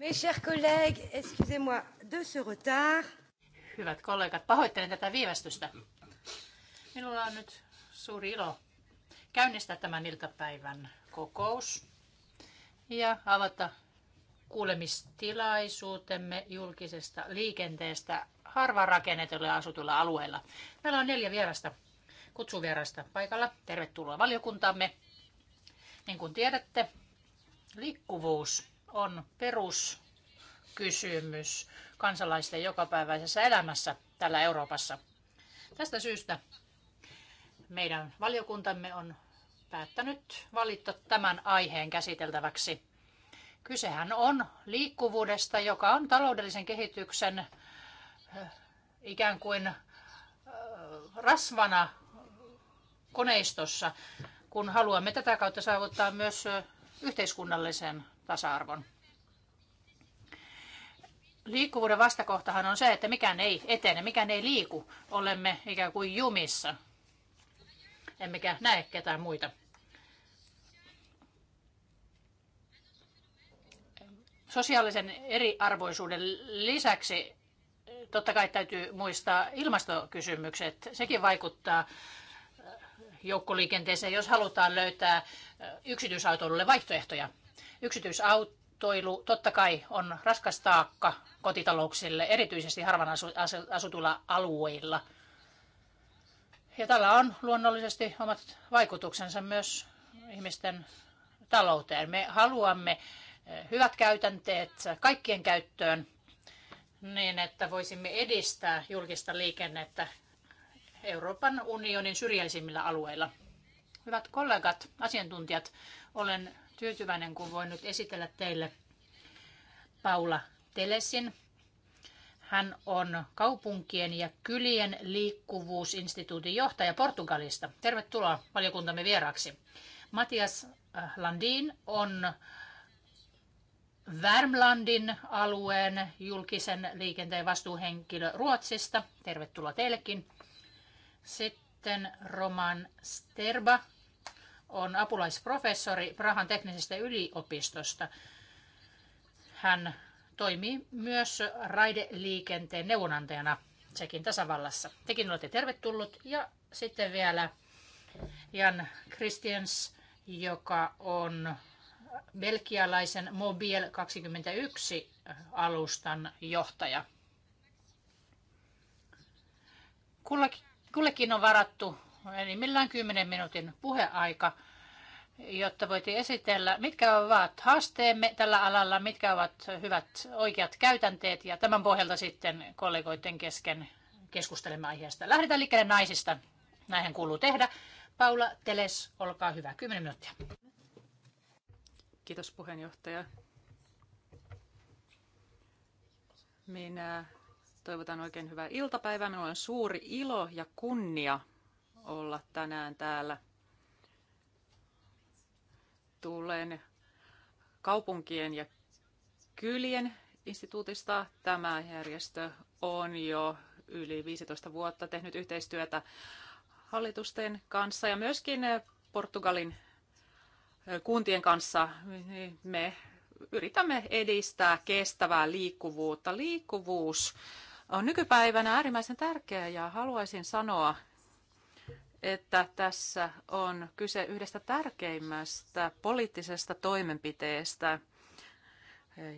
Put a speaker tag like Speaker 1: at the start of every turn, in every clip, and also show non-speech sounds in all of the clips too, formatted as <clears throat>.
Speaker 1: Mes chers collègues, excusez-moi de ce retard.
Speaker 2: Hyvät kollegat, pahoittelen tätä viivästystä. Minulla on nyt suuri ilo käynnistää tämän iltapäivän kokous ja avata kuulemistilaisuutemme julkisesta liikenteestä harva rakennetulle asutulla alueella. Meillä on neljä vierasta kutsuvierasta paikalla. Tervetuloa valiokuntaamme. Niin kuin tiedätte, liikkuvuus on peruskysymys kansalaisten jokapäiväisessä elämässä täällä Euroopassa. Tästä syystä meidän valiokuntamme on päättänyt valita tämän aiheen käsiteltäväksi. Kysehän on liikkuvuudesta, joka on taloudellisen kehityksen eh, ikään kuin eh, rasvana koneistossa, kun haluamme tätä kautta saavuttaa myös eh, yhteiskunnallisen tasa-arvon. Liikkuvuuden vastakohtahan on se, että mikään ei etene, mikään ei liiku. Olemme ikään kuin jumissa, emmekä näe ketään muita. Sosiaalisen eriarvoisuuden lisäksi totta kai täytyy muistaa ilmastokysymykset. Sekin vaikuttaa joukkoliikenteeseen, jos halutaan löytää yksityisautoilulle vaihtoehtoja. Yksityisautoilu totta kai on raskas taakka kotitalouksille, erityisesti harvan asutuilla alueilla. Ja tällä on luonnollisesti omat vaikutuksensa myös ihmisten talouteen. Me haluamme eh, hyvät käytänteet kaikkien käyttöön niin, että voisimme edistää julkista liikennettä Euroopan unionin syrjäisimmillä alueilla. Hyvät kollegat, asiantuntijat, olen tyytyväinen, kun voin nyt esitellä teille Paula Telesin. Hän on kaupunkien ja kylien liikkuvuusinstituutin johtaja Portugalista. Tervetuloa valiokuntamme vieraaksi. Matias Landin on Värmlandin alueen julkisen liikenteen vastuuhenkilö Ruotsista. Tervetuloa teillekin. Sitten Roman Sterba on apulaisprofessori Prahan teknisestä yliopistosta. Hän toimii myös raideliikenteen neuvonantajana Tsekin tasavallassa. Tekin olette tervetullut. Ja sitten vielä Jan Christians, joka on belgialaisen Mobil 21 alustan johtaja. Kullekin on varattu enimmillään 10 minuutin puheaika, jotta voitiin esitellä, mitkä ovat haasteemme tällä alalla, mitkä ovat hyvät oikeat käytänteet ja tämän pohjalta sitten kollegoiden kesken keskustelemme aiheesta. Lähdetään liikkeelle naisista. Näinhän kuuluu tehdä. Paula
Speaker 3: Teles, olkaa hyvä. 10 minuuttia. Kiitos puheenjohtaja. Minä toivotan oikein hyvää iltapäivää. Minulla on suuri ilo ja kunnia olla tänään täällä. Tulen kaupunkien ja kylien instituutista. Tämä järjestö on jo yli 15 vuotta tehnyt yhteistyötä hallitusten kanssa ja myöskin Portugalin kuntien kanssa. Me yritämme edistää kestävää liikkuvuutta. Liikkuvuus on nykypäivänä äärimmäisen tärkeää ja haluaisin sanoa että tässä on kyse yhdestä tärkeimmästä poliittisesta toimenpiteestä,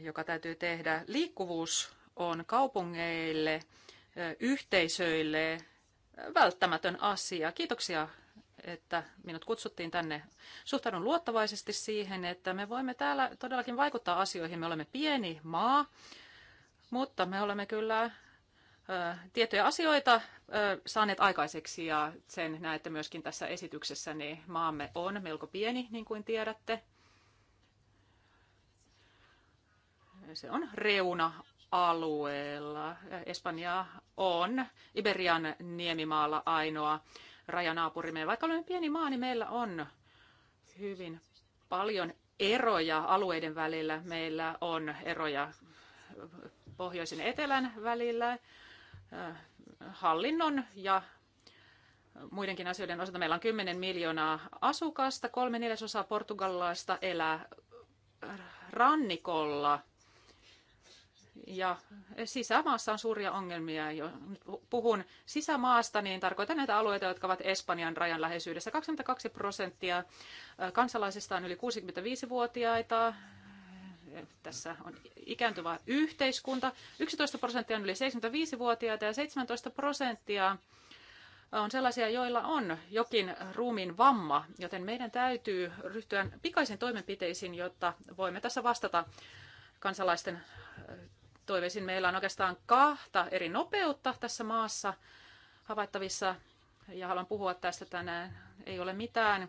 Speaker 3: joka täytyy tehdä. Liikkuvuus on kaupungeille, yhteisöille välttämätön asia. Kiitoksia, että minut kutsuttiin tänne. Suhtaudun luottavaisesti siihen, että me voimme täällä todellakin vaikuttaa asioihin. Me olemme pieni maa, mutta me olemme kyllä tiettyjä asioita saaneet aikaiseksi ja sen näette myöskin tässä esityksessä, niin maamme on melko pieni, niin kuin tiedätte. Se on reuna-alueella. Espanja on Iberian niemimaalla ainoa rajanaapurimme. Vaikka olemme pieni maa, niin meillä on hyvin paljon eroja alueiden välillä. Meillä on eroja pohjoisen etelän välillä Äh, hallinnon ja muidenkin asioiden osalta. Meillä on 10 miljoonaa asukasta, kolme neljäsosaa portugalilaista elää rannikolla. Ja sisämaassa on suuria ongelmia. Jo nyt puhun sisämaasta, niin tarkoitan näitä alueita, jotka ovat Espanjan rajan läheisyydessä. 22 prosenttia kansalaisista on yli 65-vuotiaita tässä on ikääntyvä yhteiskunta. 11 prosenttia on yli 75-vuotiaita ja 17 prosenttia on sellaisia, joilla on jokin ruumiin vamma, joten meidän täytyy ryhtyä pikaisiin toimenpiteisiin, jotta voimme tässä vastata kansalaisten äh, toiveisiin. Meillä on oikeastaan kahta eri nopeutta tässä maassa havaittavissa ja haluan puhua tästä tänään. Ei ole mitään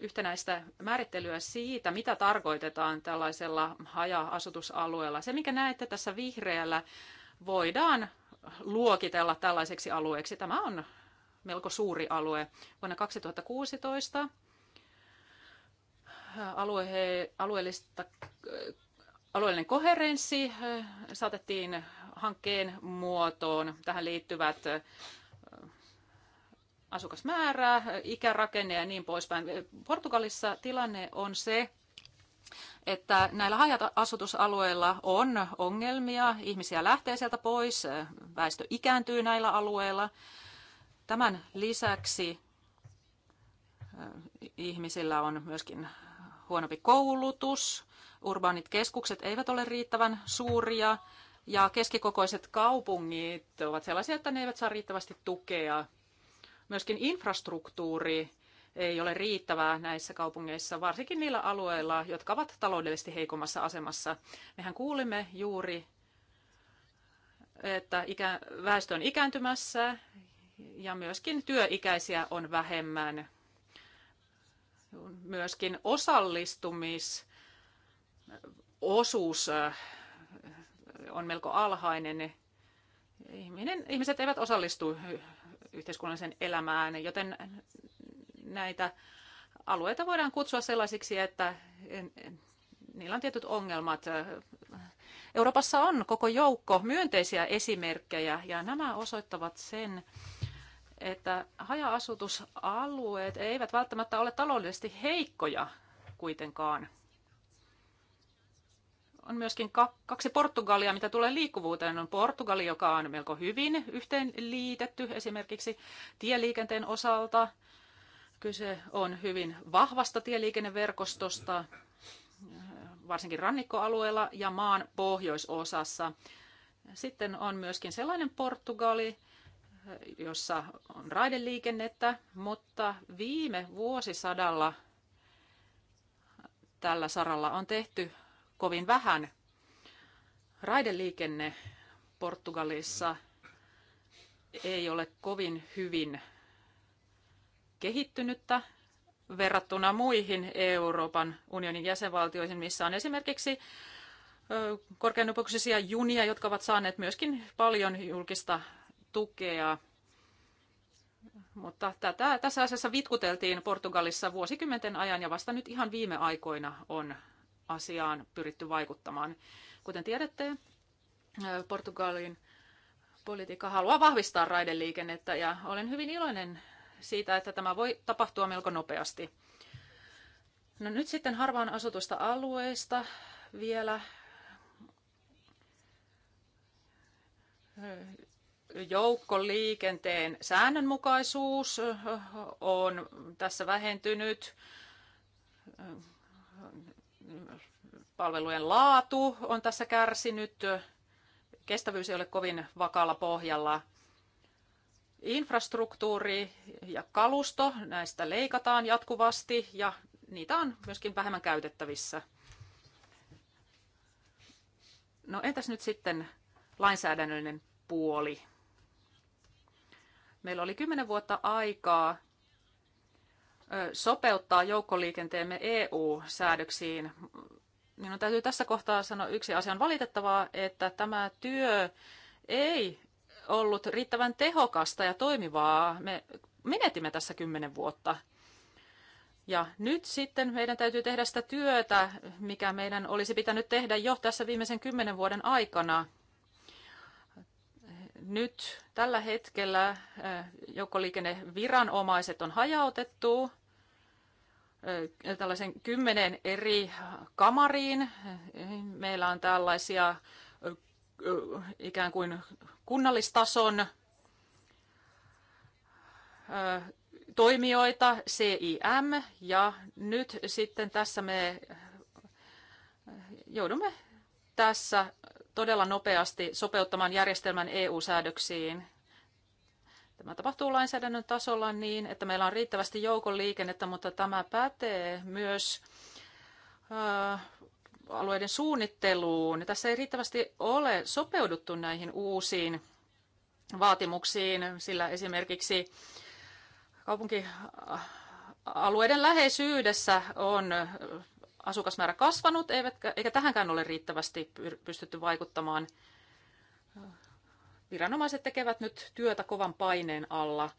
Speaker 3: yhtenäistä määrittelyä siitä, mitä tarkoitetaan tällaisella haja-asutusalueella. Se, mikä näette tässä vihreällä, voidaan luokitella tällaiseksi alueeksi. Tämä on melko suuri alue. Vuonna 2016 alue, alueellista, alueellinen koherenssi saatettiin hankkeen muotoon. Tähän liittyvät asukasmäärää, ikärakenne ja niin poispäin. Portugalissa tilanne on se, että näillä haja-asutusalueilla on ongelmia, ihmisiä lähtee sieltä pois, väestö ikääntyy näillä alueilla. Tämän lisäksi äh, ihmisillä on myöskin huonompi koulutus, urbaanit keskukset eivät ole riittävän suuria ja keskikokoiset kaupungit ovat sellaisia, että ne eivät saa riittävästi tukea Myöskin infrastruktuuri ei ole riittävää näissä kaupungeissa, varsinkin niillä alueilla, jotka ovat taloudellisesti heikommassa asemassa. Mehän kuulimme juuri, että ikä, väestö on ikääntymässä ja myöskin työikäisiä on vähemmän. Myöskin osallistumisosuus äh, on melko alhainen. Ihminen, ihmiset eivät osallistu yhteiskunnallisen elämään, joten näitä alueita voidaan kutsua sellaisiksi, että niillä on tietyt ongelmat. Euroopassa on koko joukko myönteisiä esimerkkejä ja nämä osoittavat sen, että haja-asutusalueet eivät välttämättä ole taloudellisesti heikkoja kuitenkaan on myöskin kaksi Portugalia, mitä tulee liikkuvuuteen. On Portugali, joka on melko hyvin yhteenliitetty esimerkiksi tieliikenteen osalta. Kyse on hyvin vahvasta tieliikenneverkostosta, varsinkin rannikkoalueella ja maan pohjoisosassa. Sitten on myöskin sellainen Portugali, jossa on raideliikennettä, mutta viime vuosisadalla tällä saralla on tehty kovin vähän. Raideliikenne Portugalissa ei ole kovin hyvin kehittynyttä verrattuna muihin Euroopan unionin jäsenvaltioihin, missä on esimerkiksi korkeanopeuksisia junia, jotka ovat saaneet myöskin paljon julkista tukea. Mutta tätä, tässä asiassa vitkuteltiin Portugalissa vuosikymmenten ajan ja vasta nyt ihan viime aikoina on asiaan pyritty vaikuttamaan. Kuten tiedätte, Portugalin politiikka haluaa vahvistaa raideliikennettä ja olen hyvin iloinen siitä, että tämä voi tapahtua melko nopeasti. No nyt sitten harvaan asutusta alueesta vielä. Joukkoliikenteen säännönmukaisuus on tässä vähentynyt palvelujen laatu on tässä kärsinyt, kestävyys ei ole kovin vakaalla pohjalla. Infrastruktuuri ja kalusto, näistä leikataan jatkuvasti ja niitä on myöskin vähemmän käytettävissä. No entäs nyt sitten lainsäädännöllinen puoli? Meillä oli kymmenen vuotta aikaa sopeuttaa joukkoliikenteemme EU-säädöksiin. Minun täytyy tässä kohtaa sanoa yksi asia. On valitettavaa, että tämä työ ei ollut riittävän tehokasta ja toimivaa. Me menetimme tässä kymmenen vuotta. Ja nyt sitten meidän täytyy tehdä sitä työtä, mikä meidän olisi pitänyt tehdä jo tässä viimeisen kymmenen vuoden aikana nyt tällä hetkellä eh, joukkoliikenneviranomaiset on hajautettu eh, tällaisen kymmenen eri kamariin. Meillä on tällaisia eh, ikään kuin kunnallistason toimijoita, CIM, ja nyt sitten tässä me joudumme tässä todella nopeasti sopeuttamaan järjestelmän EU-säädöksiin. Tämä tapahtuu lainsäädännön tasolla niin, että meillä on riittävästi joukon liikennettä, mutta tämä pätee myös äh, alueiden suunnitteluun. Tässä ei riittävästi ole sopeuduttu näihin uusiin vaatimuksiin, sillä esimerkiksi kaupunkialueiden läheisyydessä on asukasmäärä kasvanut, eivätkä, eikä tähänkään ole riittävästi pystytty vaikuttamaan. Viranomaiset tekevät nyt työtä kovan paineen alla.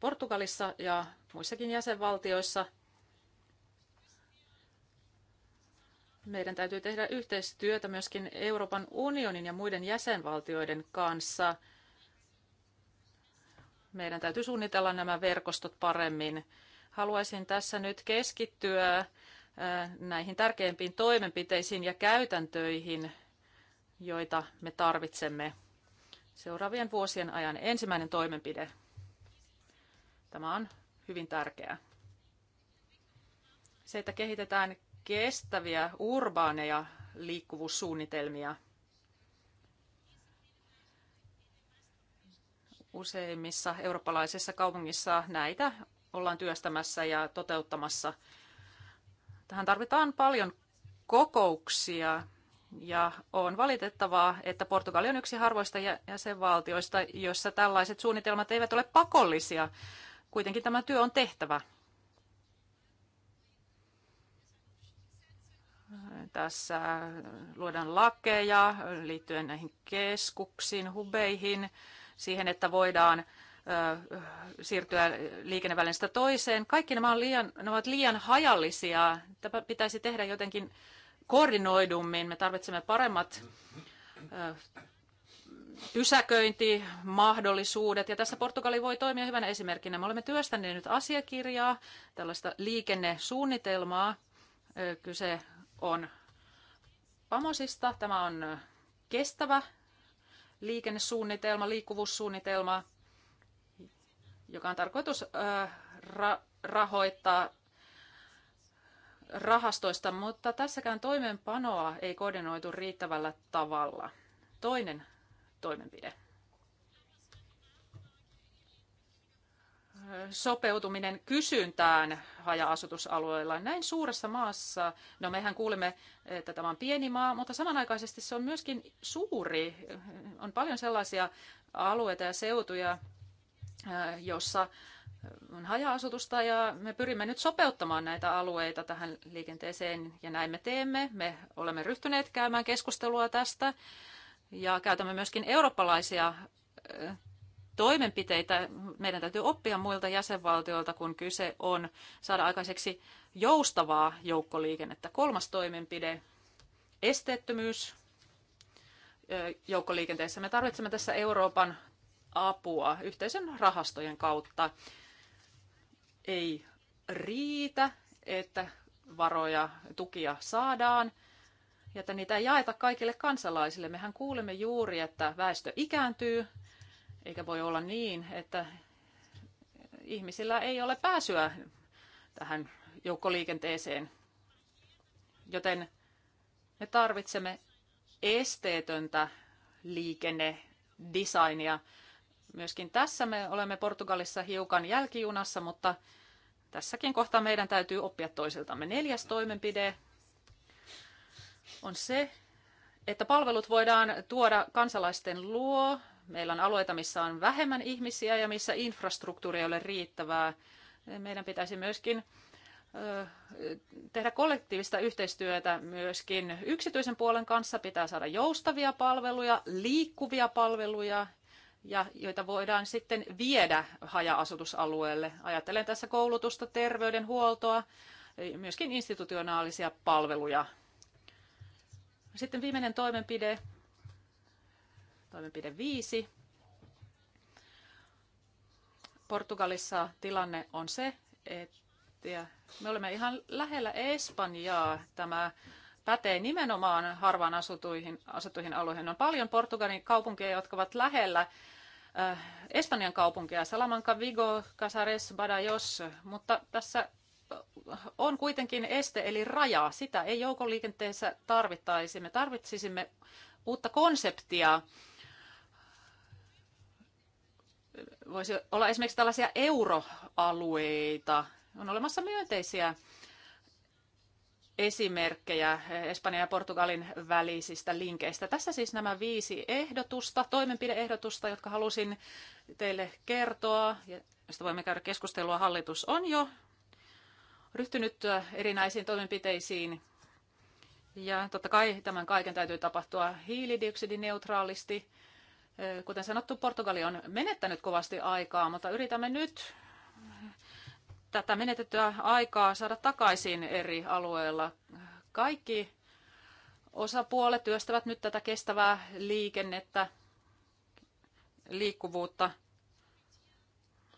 Speaker 3: Portugalissa ja muissakin jäsenvaltioissa meidän täytyy tehdä yhteistyötä myöskin Euroopan unionin ja muiden jäsenvaltioiden kanssa. Meidän täytyy suunnitella nämä verkostot paremmin Haluaisin tässä nyt keskittyä äh, näihin tärkeimpiin toimenpiteisiin ja käytäntöihin, joita me tarvitsemme seuraavien vuosien ajan. Ensimmäinen toimenpide. Tämä on hyvin tärkeää. Se, että kehitetään kestäviä urbaaneja liikkuvuussuunnitelmia. Useimmissa eurooppalaisissa kaupungissa näitä ollaan työstämässä ja toteuttamassa. Tähän tarvitaan paljon kokouksia ja on valitettavaa, että Portugali on yksi harvoista jäsenvaltioista, jossa tällaiset suunnitelmat eivät ole pakollisia. Kuitenkin tämä työ on tehtävä. Tässä luodaan lakeja liittyen näihin keskuksiin, hubeihin, siihen, että voidaan siirtyä liikennevälineestä toiseen. Kaikki nämä on liian, ne ovat liian hajallisia. Tämä pitäisi tehdä jotenkin koordinoidummin. Me tarvitsemme paremmat pysäköintimahdollisuudet. Ja tässä Portugali voi toimia hyvänä esimerkkinä. Me olemme työstäneet nyt asiakirjaa, tällaista liikennesuunnitelmaa. Kyse on Pamosista. Tämä on kestävä liikennesuunnitelma, liikkuvuussuunnitelma – joka on tarkoitus ra- rahoittaa rahastoista, mutta tässäkään toimenpanoa ei koordinoitu riittävällä tavalla. Toinen toimenpide. sopeutuminen kysyntään haja-asutusalueilla. Näin suuressa maassa, no mehän kuulemme, että tämä on pieni maa, mutta samanaikaisesti se on myöskin suuri. On paljon sellaisia alueita ja seutuja, jossa on haja-asutusta ja me pyrimme nyt sopeuttamaan näitä alueita tähän liikenteeseen ja näin me teemme. Me olemme ryhtyneet käymään keskustelua tästä ja käytämme myöskin eurooppalaisia toimenpiteitä. Meidän täytyy oppia muilta jäsenvaltioilta, kun kyse on saada aikaiseksi joustavaa joukkoliikennettä. Kolmas toimenpide, esteettömyys joukkoliikenteessä. Me tarvitsemme tässä Euroopan apua yhteisen rahastojen kautta. Ei riitä, että varoja, tukia saadaan ja että niitä ei jaeta kaikille kansalaisille. Mehän kuulemme juuri, että väestö ikääntyy, eikä voi olla niin, että ihmisillä ei ole pääsyä tähän joukkoliikenteeseen. Joten me tarvitsemme esteetöntä liikennedesignia. Myöskin tässä me olemme Portugalissa hiukan jälkijunassa, mutta tässäkin kohtaa meidän täytyy oppia toisiltamme. Neljäs toimenpide on se, että palvelut voidaan tuoda kansalaisten luo. Meillä on alueita, missä on vähemmän ihmisiä ja missä infrastruktuuri ei ole riittävää. Meidän pitäisi myöskin tehdä kollektiivista yhteistyötä myöskin yksityisen puolen kanssa. Pitää saada joustavia palveluja, liikkuvia palveluja ja joita voidaan sitten viedä haja-asutusalueelle. Ajattelen tässä koulutusta, terveydenhuoltoa, myöskin institutionaalisia palveluja. Sitten viimeinen toimenpide, toimenpide viisi. Portugalissa tilanne on se, että me olemme ihan lähellä Espanjaa. Tämä pätee nimenomaan harvaan asutuihin, asutuihin alueihin. On paljon Portugalin kaupunkeja, jotka ovat lähellä Äh, Espanjan kaupunkeja, Salamanca, Vigo, Casares, Badajoz, mutta tässä äh, on kuitenkin este eli raja. Sitä ei joukoliikenteessä tarvittaisi. Me tarvitsisimme uutta konseptia. Voisi olla esimerkiksi tällaisia euroalueita. On olemassa myönteisiä esimerkkejä Espanjan ja Portugalin välisistä linkeistä. Tässä siis nämä viisi ehdotusta, toimenpideehdotusta, jotka halusin teille kertoa, josta voimme käydä keskustelua. Hallitus on jo ryhtynyt erinäisiin toimenpiteisiin ja totta kai tämän kaiken täytyy tapahtua hiilidioksidineutraalisti. Kuten sanottu, Portugali on menettänyt kovasti aikaa, mutta yritämme nyt tätä menetettyä aikaa saada takaisin eri alueilla. Kaikki osapuolet työstävät nyt tätä kestävää liikennettä, liikkuvuutta.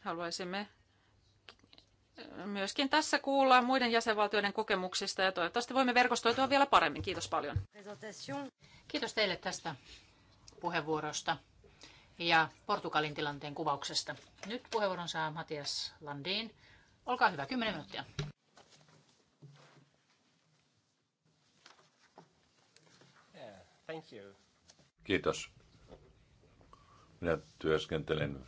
Speaker 3: Haluaisimme myöskin tässä kuulla muiden jäsenvaltioiden kokemuksista ja toivottavasti voimme verkostoitua vielä paremmin. Kiitos paljon.
Speaker 2: Kiitos teille tästä
Speaker 3: puheenvuorosta
Speaker 2: ja Portugalin tilanteen kuvauksesta. Nyt puheenvuoron saa Matias Landin Olkaa hyvä, 10 minuuttia.
Speaker 1: Kiitos. Minä työskentelen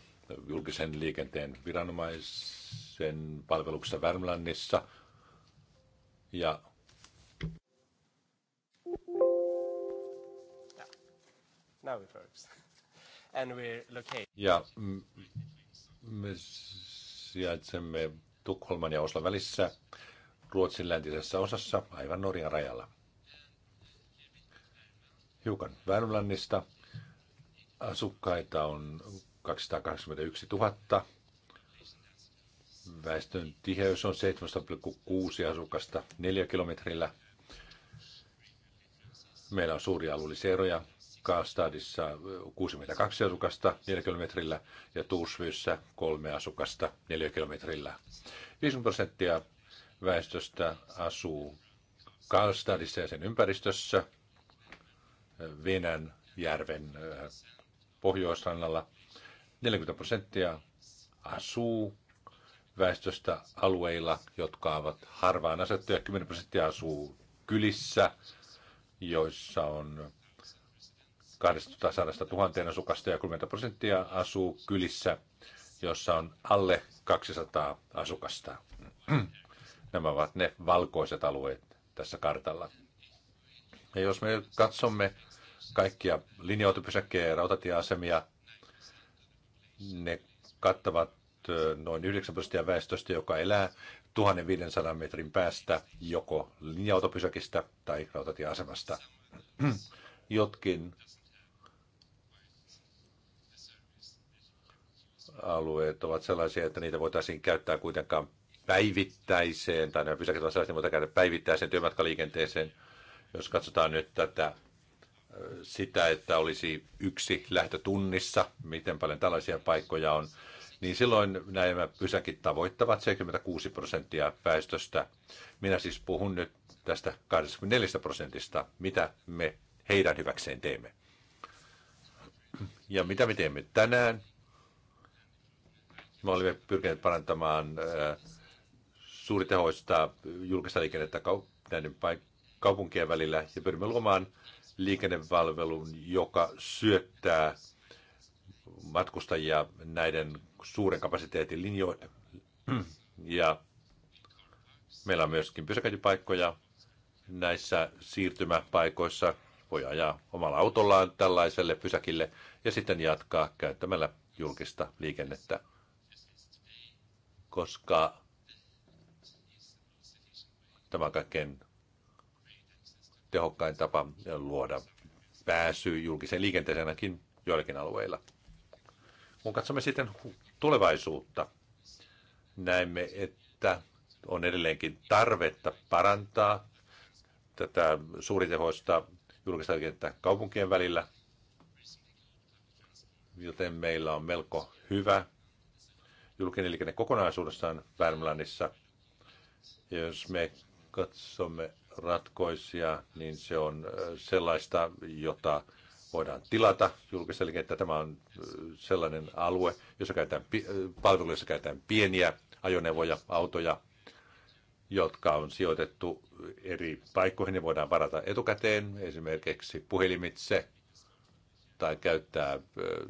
Speaker 1: julkisen liikenteen viranomaisen palveluksessa Värmlannissa. Ja Now it works. And we're located. Ja me sijaitsemme Tukholman ja Oslo välissä Ruotsin läntisessä osassa aivan Norjan rajalla. Hiukan Väylänlannista asukkaita on 281 000. Väestön tiheys on 7,6 asukasta 4 kilometrillä. Meillä on suuria alueellisia eroja Kaastadissa 62 asukasta 4 kilometrillä ja Tuusvyyssä 3 asukasta 4 kilometrillä. 50 prosenttia väestöstä asuu Karlstadissa ja sen ympäristössä, Venän järven äh, pohjoisrannalla. 40 prosenttia asuu väestöstä alueilla, jotka ovat harvaan asettuja. 10 prosenttia asuu kylissä, joissa on 200 000 asukasta ja 30 prosenttia asuu kylissä, jossa on alle 200 asukasta. <clears throat> Nämä ovat ne valkoiset alueet tässä kartalla. Ja jos me katsomme kaikkia linja ja rautatieasemia, ne kattavat noin 9 prosenttia väestöstä, joka elää 1500 metrin päästä joko linja-autopysäkistä tai rautatieasemasta. <clears throat> Jotkin alueet ovat sellaisia, että niitä voitaisiin käyttää kuitenkaan päivittäiseen, tai nämä pysäköt ovat sellaisia, että voidaan päivittäiseen työmatkaliikenteeseen. Jos katsotaan nyt tätä, sitä, että olisi yksi lähtötunnissa, miten paljon tällaisia paikkoja on, niin silloin nämä pysäkit tavoittavat 76 prosenttia väestöstä. Minä siis puhun nyt tästä 24 prosentista, mitä me heidän hyväkseen teemme. Ja mitä me teemme tänään? Me olimme pyrkineet parantamaan äh, suuritehoista julkista liikennettä näiden kaupunkien välillä ja pyrimme luomaan liikennepalvelun, joka syöttää matkustajia näiden suuren kapasiteetin linjoille. Ja meillä on myöskin pysäköintipaikkoja näissä siirtymäpaikoissa. Voi ajaa omalla autollaan tällaiselle pysäkille ja sitten jatkaa käyttämällä julkista liikennettä koska tämä on kaikkein tehokkain tapa luoda pääsy julkiseen liikenteeseen ainakin joillakin alueilla. Kun katsomme sitten tulevaisuutta, näemme, että on edelleenkin tarvetta parantaa tätä suuritehoista julkista liikennettä kaupunkien välillä, joten meillä on melko hyvä julkinen liikenne kokonaisuudessaan Värmlandissa. Ja jos me katsomme ratkoisia, niin se on sellaista, jota voidaan tilata julkisella liikenteellä. Tämä on sellainen alue, jossa käytetään, palveluissa käytetään pieniä ajoneuvoja, autoja, jotka on sijoitettu eri paikkoihin ja voidaan varata etukäteen, esimerkiksi puhelimitse tai käyttää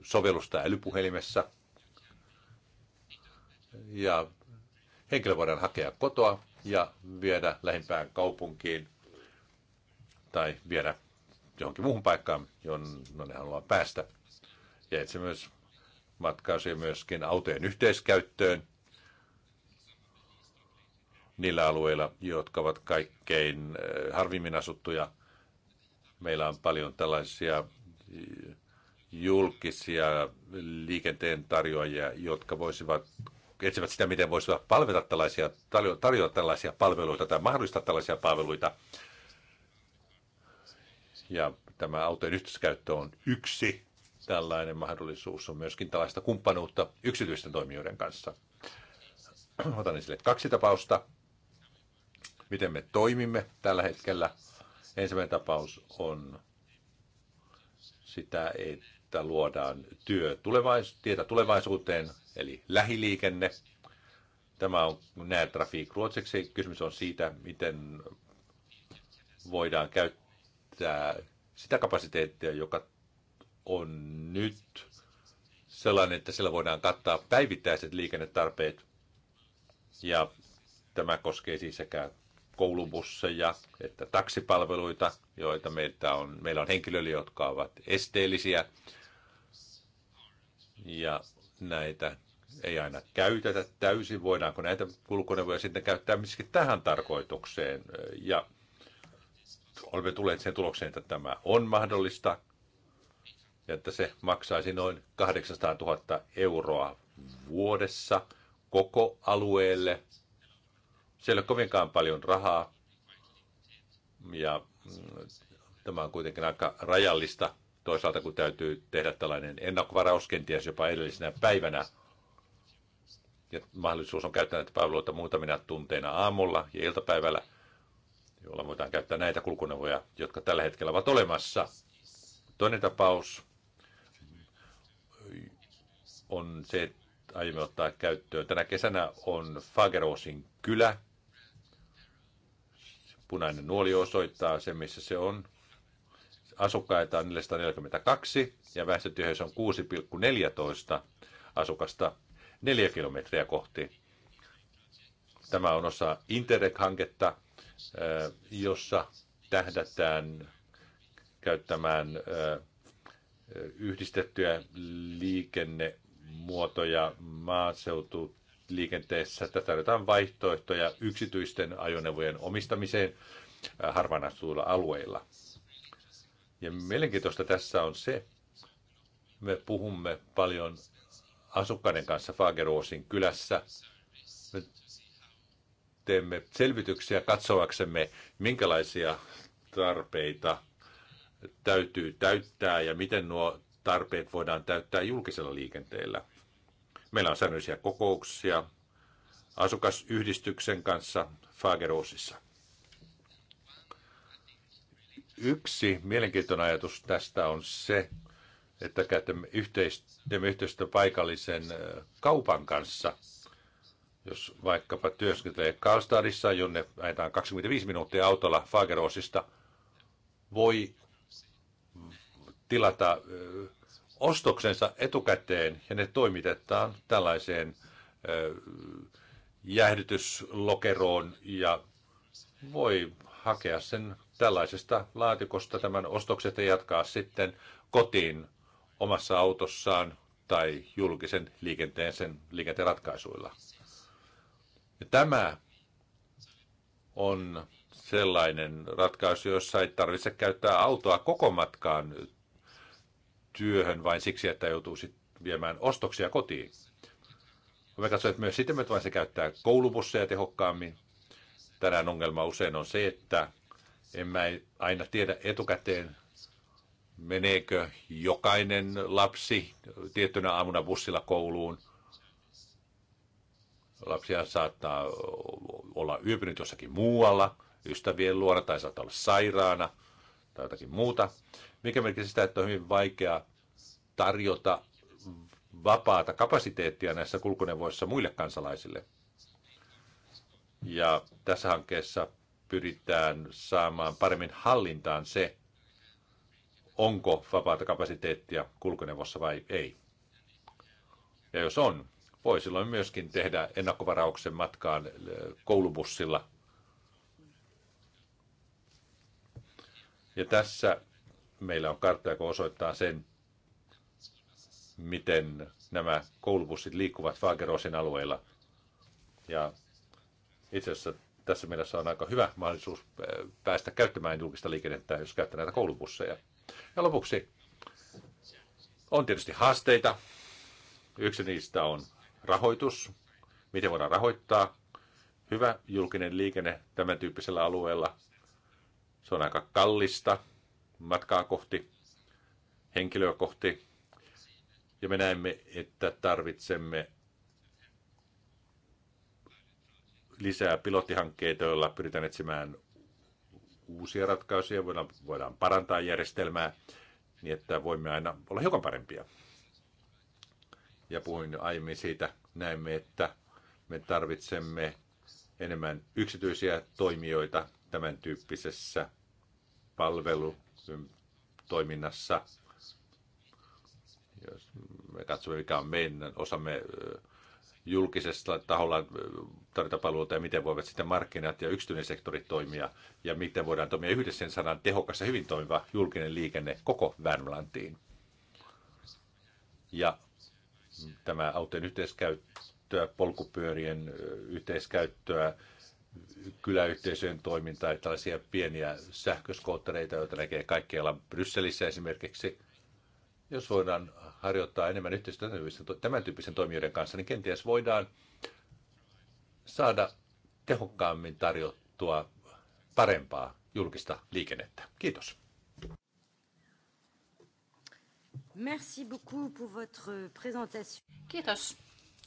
Speaker 1: sovellusta älypuhelimessa – ja henkilö voidaan hakea kotoa ja viedä lähimpään kaupunkiin tai viedä johonkin muuhun paikkaan, jonne haluaa päästä. Ja itse myös matkaisi myöskin autojen yhteiskäyttöön niillä alueilla, jotka ovat kaikkein eh, harvimmin asuttuja. Meillä on paljon tällaisia eh, julkisia liikenteen tarjoajia, jotka voisivat etsivät sitä, miten voisivat palveta tällaisia, tarjota tällaisia palveluita tai mahdollistaa tällaisia palveluita. Ja tämä autojen yhteiskäyttö on yksi tällainen mahdollisuus. On myöskin tällaista kumppanuutta yksityisten toimijoiden kanssa. Otan esille kaksi tapausta, miten me toimimme tällä hetkellä. Ensimmäinen tapaus on sitä, että että luodaan työ tulevais- tietä tulevaisuuteen, eli lähiliikenne. Tämä on näet trafiik ruotsiksi. Kysymys on siitä, miten voidaan käyttää sitä kapasiteettia, joka on nyt sellainen, että sillä voidaan kattaa päivittäiset liikennetarpeet. Ja tämä koskee siis sekä koulubusseja että taksipalveluita, joita meiltä on, meillä on henkilöille, jotka ovat esteellisiä ja näitä ei aina käytetä täysin. Voidaanko näitä kulkuneuvoja sitten käyttää myöskin tähän tarkoitukseen? Ja olemme tulleet sen tulokseen, että tämä on mahdollista ja että se maksaisi noin 800 000 euroa vuodessa koko alueelle. Siellä ei ole kovinkaan paljon rahaa ja mm, tämä on kuitenkin aika rajallista toisaalta kun täytyy tehdä tällainen ennakkovaraus kenties jopa edellisenä päivänä, ja mahdollisuus on käyttää näitä palveluita muutamina tunteina aamulla ja iltapäivällä, jolla voidaan käyttää näitä kulkuneuvoja, jotka tällä hetkellä ovat olemassa. Toinen tapaus on se, että aiemmin ottaa käyttöön. Tänä kesänä on Fagerosin kylä. Punainen nuoli osoittaa sen, missä se on asukkaita on 442 ja väestötyheys on 6,14 asukasta 4 kilometriä kohti. Tämä on osa Interreg-hanketta, jossa tähdätään käyttämään yhdistettyjä liikennemuotoja maaseutu liikenteessä. Tätä tarjotaan vaihtoehtoja yksityisten ajoneuvojen omistamiseen harvaan asutuilla alueilla. Ja mielenkiintoista tässä on se, me puhumme paljon asukkaiden kanssa Fageroosin kylässä. Me teemme selvityksiä katsoaksemme, minkälaisia tarpeita täytyy täyttää ja miten nuo tarpeet voidaan täyttää julkisella liikenteellä. Meillä on säännöllisiä kokouksia asukasyhdistyksen kanssa Fageroosissa. Yksi mielenkiintoinen ajatus tästä on se, että käytämme yhteistyötä, yhteistyötä paikallisen kaupan kanssa. Jos vaikkapa työskentelee Karlstadissa, jonne ajetaan 25 minuuttia autolla Fagerosista, voi tilata ostoksensa etukäteen ja ne toimitetaan tällaiseen jäähdytyslokeroon ja voi hakea sen tällaisesta laatikosta tämän ostokset ja jatkaa sitten kotiin omassa autossaan tai julkisen liikenteen, sen liikenteen ratkaisuilla. Ja tämä on sellainen ratkaisu, jossa ei tarvitse käyttää autoa koko matkaan työhön vain siksi, että joutuu viemään ostoksia kotiin. Me katsoin, että myös että vain se käyttää koulubusseja tehokkaammin. Tänään ongelma usein on se, että en mä aina tiedä etukäteen, meneekö jokainen lapsi tiettynä aamuna bussilla kouluun. Lapsia saattaa olla yöpynyt jossakin muualla, ystävien luona tai saattaa olla sairaana tai jotakin muuta, mikä merkitsee sitä, että on hyvin vaikea tarjota vapaata kapasiteettia näissä kulkuneuvoissa muille kansalaisille. Ja tässä hankkeessa pyritään saamaan paremmin hallintaan se, onko vapaata kapasiteettia kulkuneuvossa vai ei. Ja jos on, voi silloin myöskin tehdä ennakkovarauksen matkaan koulubussilla. Ja tässä meillä on kartta, joka osoittaa sen, miten nämä koulubussit liikkuvat Fagerosin alueella. Ja itse asiassa tässä mielessä on aika hyvä mahdollisuus eh, päästä käyttämään julkista liikennettä, jos käyttää näitä koulubusseja. Ja lopuksi on tietysti haasteita. Yksi niistä on rahoitus. Miten voidaan rahoittaa hyvä julkinen liikenne tämän tyyppisellä alueella? Se on aika kallista matkaa kohti, henkilöä kohti. Ja me näemme, että tarvitsemme lisää pilottihankkeita, joilla pyritään etsimään uusia ratkaisuja, voidaan, voidaan parantaa järjestelmää niin, että voimme aina olla hiukan parempia. Ja puhuin aiemmin siitä, näemme, että me tarvitsemme enemmän yksityisiä toimijoita tämän tyyppisessä palvelutoiminnassa. Jos me katsomme, mikä on meidän osamme julkisessa taholla tarjota palveluita ja miten voivat sitten markkinat ja yksityinen sektori toimia ja miten voidaan toimia yhdessä sen sanan tehokas ja hyvin toimiva julkinen liikenne koko Värmlantiin. Ja tämä autojen yhteiskäyttöä, polkupyörien yhteiskäyttöä, kyläyhteisöjen toimintaa ja tällaisia pieniä sähköskoottereita, joita näkee kaikkialla Brysselissä esimerkiksi. Jos voidaan harjoittaa enemmän yhteistyötä tämän tyyppisen toimijoiden kanssa, niin kenties voidaan saada tehokkaammin tarjottua parempaa julkista liikennettä. Kiitos.
Speaker 2: Merci beaucoup pour votre présentation. Kiitos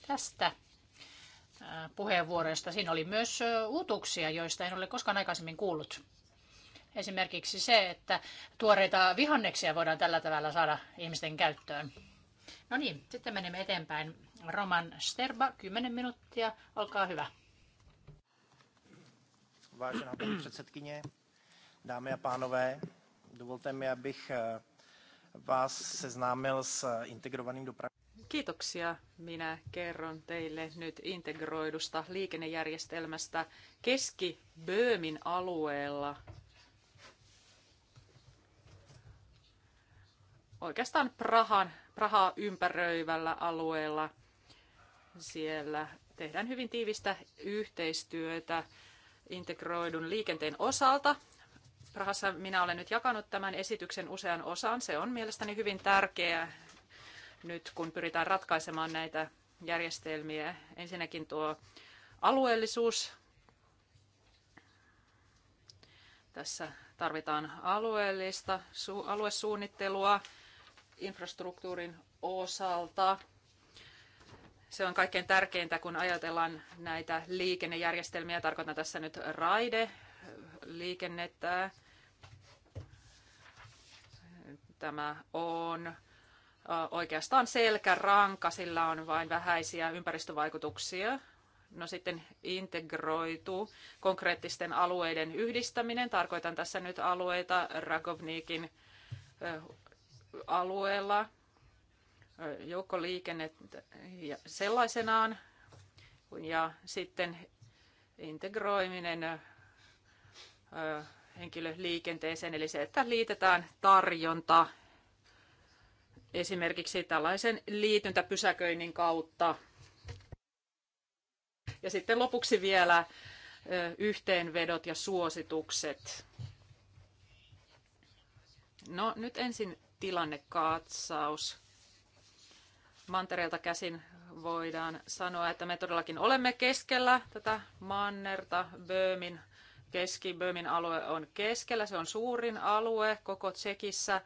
Speaker 2: tästä äh, puheenvuorosta. Siinä oli myös äh, uutuksia, joista en ole koskaan aikaisemmin kuullut. Esimerkiksi se, että tuoreita vihanneksia voidaan tällä tavalla saada ihmisten käyttöön. No niin, sitten menemme eteenpäin. Roman Sterba, 10 minuuttia, olkaa hyvä.
Speaker 1: Vážená paní předsedkyně, dámy a pánové, dovolte mi, abych eh, vás seznámil s integrovaným
Speaker 2: dopravním
Speaker 3: Kiitoksia. Minä kerron teille nyt integroidusta liikennejärjestelmästä Keski-Böömin alueella – oikeastaan Prahan, Prahaa ympäröivällä alueella. Siellä tehdään hyvin tiivistä yhteistyötä integroidun liikenteen osalta. Prahassa minä olen nyt jakanut tämän esityksen usean osaan. Se on mielestäni hyvin tärkeää nyt, kun pyritään ratkaisemaan näitä järjestelmiä. Ensinnäkin tuo alueellisuus. Tässä tarvitaan alueellista aluesuunnittelua infrastruktuurin osalta. Se on kaikkein tärkeintä, kun ajatellaan näitä liikennejärjestelmiä. Tarkoitan tässä nyt raide liikennettä. Tämä on oikeastaan selkäranka, sillä on vain vähäisiä ympäristövaikutuksia. No sitten integroitu konkreettisten alueiden yhdistäminen. Tarkoitan tässä nyt alueita Ragovnikin alueella joukkoliikenne sellaisenaan ja sitten integroiminen henkilöliikenteeseen, eli se, että liitetään tarjonta esimerkiksi tällaisen liityntäpysäköinnin kautta. Ja sitten lopuksi vielä yhteenvedot ja suositukset. No nyt ensin tilannekatsaus. Mantereelta käsin voidaan sanoa, että me todellakin olemme keskellä tätä mannerta. Böömin, Keski-Böömin alue on keskellä. Se on suurin alue koko Tsekissä.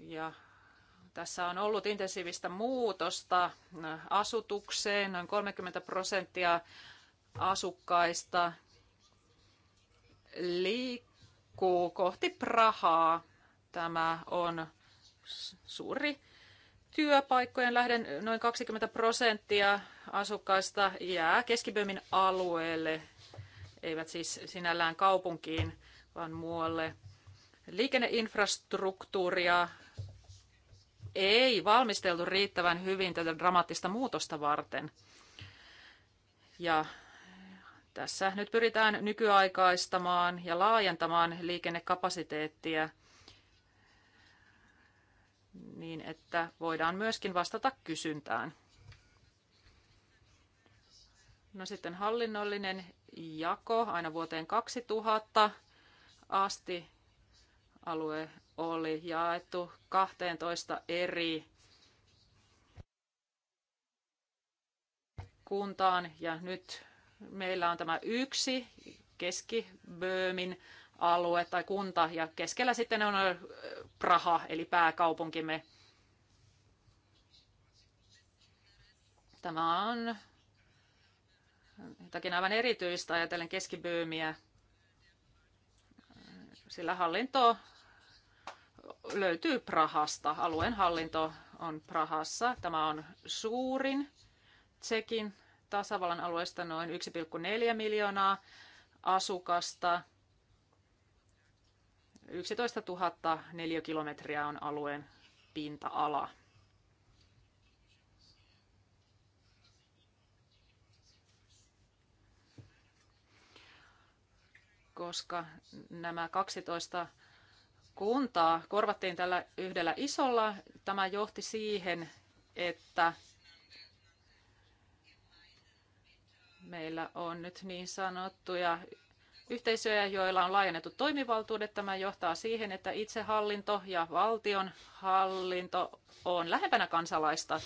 Speaker 3: Ja tässä on ollut intensiivistä muutosta asutukseen, noin 30 prosenttia asukkaista liik- liikkuu kohti Prahaa. Tämä on suuri työpaikkojen lähden noin 20 prosenttia asukkaista jää Keskibömin alueelle, eivät siis sinällään kaupunkiin, vaan muualle. Liikenneinfrastruktuuria ei valmisteltu riittävän hyvin tätä dramaattista muutosta varten. Ja tässä nyt pyritään nykyaikaistamaan ja laajentamaan liikennekapasiteettia niin, että voidaan myöskin vastata kysyntään. No sitten hallinnollinen jako aina vuoteen 2000 asti alue oli jaettu 12 eri kuntaan ja nyt meillä on tämä yksi Keski-Böömin alue tai kunta ja keskellä sitten on Praha eli pääkaupunkimme. Tämä on jotakin aivan erityistä ajatellen keskibyymiä, sillä hallinto löytyy Prahasta. Alueen hallinto on Prahassa. Tämä on suurin Tsekin tasavallan alueesta noin 1,4 miljoonaa asukasta. 11 000 neliökilometriä on alueen pinta-ala. Koska nämä 12 kuntaa korvattiin tällä yhdellä isolla, tämä johti siihen, että meillä on nyt niin sanottuja yhteisöjä, joilla on laajennettu toimivaltuudet. Tämä johtaa siihen, että itsehallinto ja valtion hallinto on lähempänä kansalaista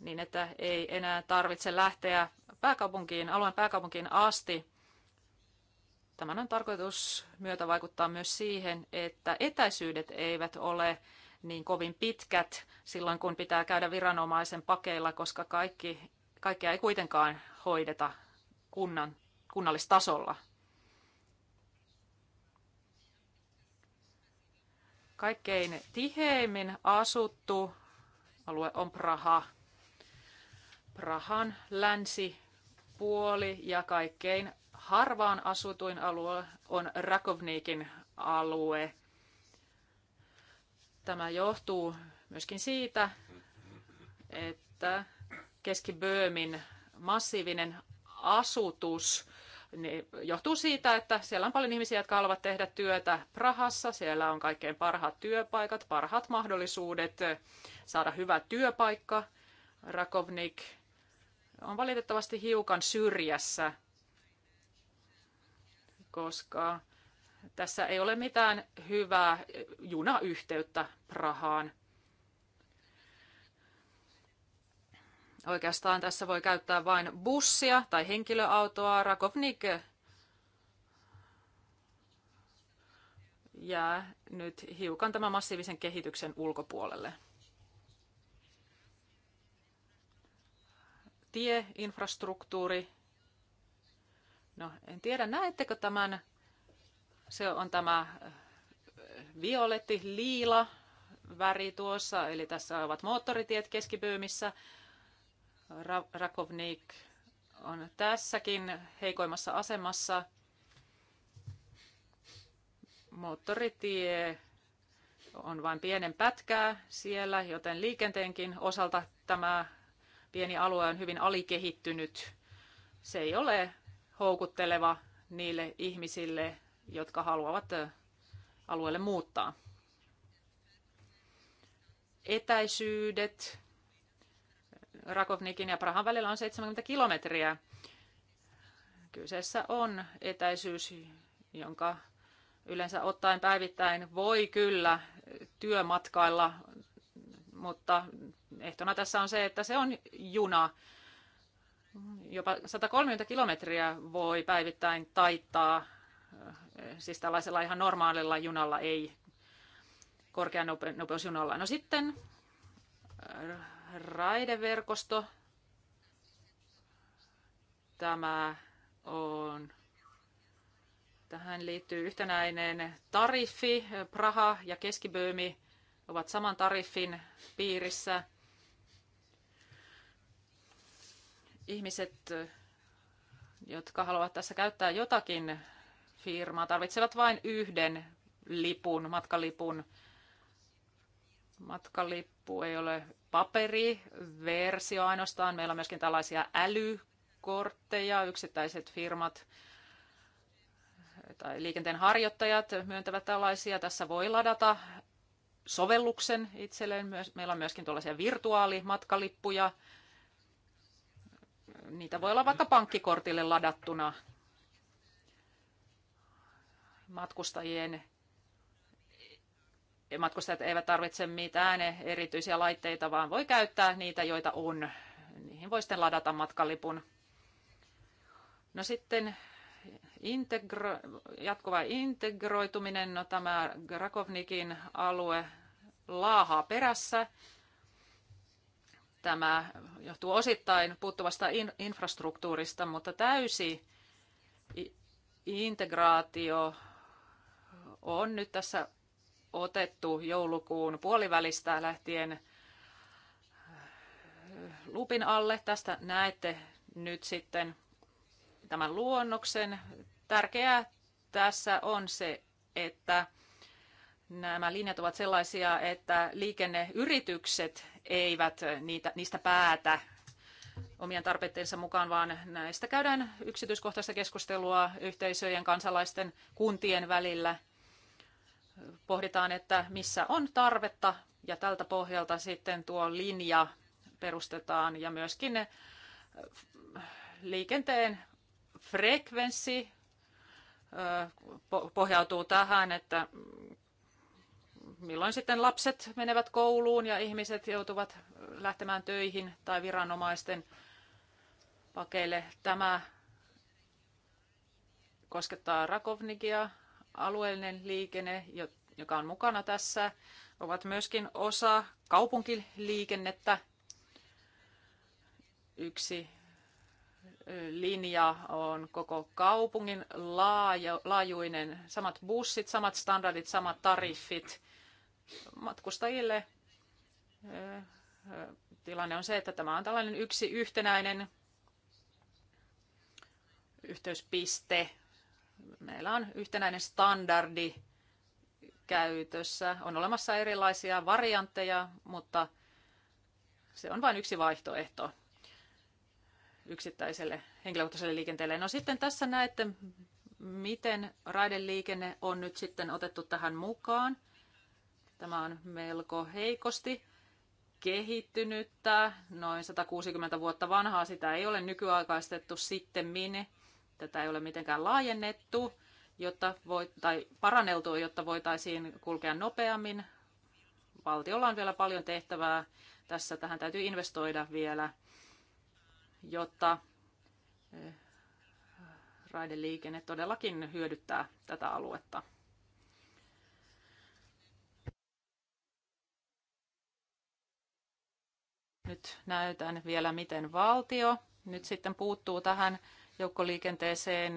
Speaker 3: niin, että ei enää tarvitse lähteä pääkaupunkiin, alueen pääkaupunkiin asti. Tämän on tarkoitus myötä vaikuttaa myös siihen, että etäisyydet eivät ole niin kovin pitkät silloin, kun pitää käydä viranomaisen pakeilla, koska kaikki kaikkea ei kuitenkaan hoideta kunnan, kunnallistasolla. Kaikkein tiheimmin asuttu alue on Praha. Prahan länsipuoli ja kaikkein harvaan asutuin alue on Rakovnikin alue. Tämä johtuu myöskin siitä, että Keski-Böömin massiivinen asutus niin johtuu siitä, että siellä on paljon ihmisiä, jotka haluavat tehdä työtä Prahassa. Siellä on kaikkein parhaat työpaikat, parhaat mahdollisuudet saada hyvä työpaikka. Rakovnik on valitettavasti hiukan syrjässä, koska tässä ei ole mitään hyvää junayhteyttä Prahaan. Oikeastaan tässä voi käyttää vain bussia tai henkilöautoa. Rakovnik jää nyt hiukan tämän massiivisen kehityksen ulkopuolelle. Tie, infrastruktuuri. No, en tiedä, näettekö tämän? Se on tämä äh, violetti, liila väri tuossa, eli tässä ovat moottoritiet keskipyymissä. Rakovnik on tässäkin heikoimmassa asemassa. Moottoritie on vain pienen pätkää siellä, joten liikenteenkin osalta tämä pieni alue on hyvin alikehittynyt. Se ei ole houkutteleva niille ihmisille, jotka haluavat alueelle muuttaa. Etäisyydet Rakovnikin ja Prahan välillä on 70 kilometriä. Kyseessä on etäisyys, jonka yleensä ottaen päivittäin voi kyllä työmatkailla, mutta ehtona tässä on se, että se on juna. Jopa 130 kilometriä voi päivittäin taittaa, siis tällaisella ihan normaalilla junalla, ei korkeanopeusjunalla. No sitten raideverkosto. Tämä on Tähän liittyy yhtenäinen tariffi. Praha ja Keskiböömi ovat saman tariffin piirissä. Ihmiset, jotka haluavat tässä käyttää jotakin firmaa, tarvitsevat vain yhden lipun, matkalipun. Matkalippu lippu ei ole paperiversio ainoastaan. Meillä on myöskin tällaisia älykortteja. Yksittäiset firmat tai liikenteen harjoittajat myöntävät tällaisia. Tässä voi ladata sovelluksen itselleen. Meillä on myöskin tuollaisia virtuaalimatkalippuja. Niitä voi olla vaikka pankkikortille ladattuna matkustajien matkustajat eivät tarvitse mitään erityisiä laitteita, vaan voi käyttää niitä, joita on. Niihin voi sitten ladata matkalipun. No sitten integro, jatkuva integroituminen, no tämä Grakovnikin alue laahaa perässä. Tämä johtuu osittain puuttuvasta in, infrastruktuurista, mutta täysi integraatio on nyt tässä otettu joulukuun puolivälistä lähtien lupin alle. Tästä näette nyt sitten tämän luonnoksen. Tärkeää tässä on se, että nämä linjat ovat sellaisia, että liikenneyritykset eivät niitä, niistä päätä omien tarpeitteensa mukaan, vaan näistä käydään yksityiskohtaista keskustelua yhteisöjen, kansalaisten, kuntien välillä – pohditaan, että missä on tarvetta ja tältä pohjalta sitten tuo linja perustetaan ja myöskin ne eh, liikenteen frekvenssi eh, pohjautuu tähän, että milloin sitten lapset menevät kouluun ja ihmiset joutuvat lähtemään töihin tai viranomaisten pakeille. Tämä koskettaa Rakovnikia, alueellinen liikenne, joka on mukana tässä, ovat myöskin osa kaupunkiliikennettä. Yksi linja on koko kaupungin laajuinen, samat bussit, samat standardit, samat tariffit matkustajille. Tilanne on se, että tämä on tällainen yksi yhtenäinen yhteyspiste meillä on yhtenäinen standardi käytössä. On olemassa erilaisia variantteja, mutta se on vain yksi vaihtoehto yksittäiselle henkilökohtaiselle liikenteelle. No sitten tässä näette, miten raideliikenne on nyt sitten otettu tähän mukaan. Tämä on melko heikosti kehittynyttä, noin 160 vuotta vanhaa. Sitä ei ole nykyaikaistettu sitten minne Tätä ei ole mitenkään laajennettu jotta voi, tai paranneltu, jotta voitaisiin kulkea nopeammin. Valtiolla on vielä paljon tehtävää tässä. Tähän täytyy investoida vielä, jotta eh, raideliikenne todellakin hyödyttää tätä aluetta. Nyt näytän vielä, miten valtio nyt sitten puuttuu tähän joukkoliikenteeseen.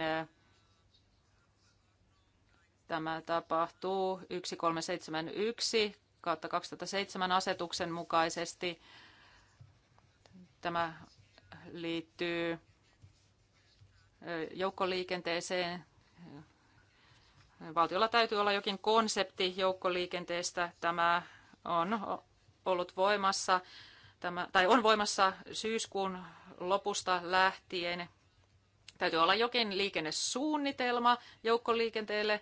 Speaker 3: Tämä tapahtuu 1371 kautta 2007 asetuksen mukaisesti. Tämä liittyy joukkoliikenteeseen. Valtiolla täytyy olla jokin konsepti joukkoliikenteestä. Tämä on ollut voimassa, tämä, tai on voimassa syyskuun lopusta lähtien Täytyy olla jokin liikennesuunnitelma joukkoliikenteelle.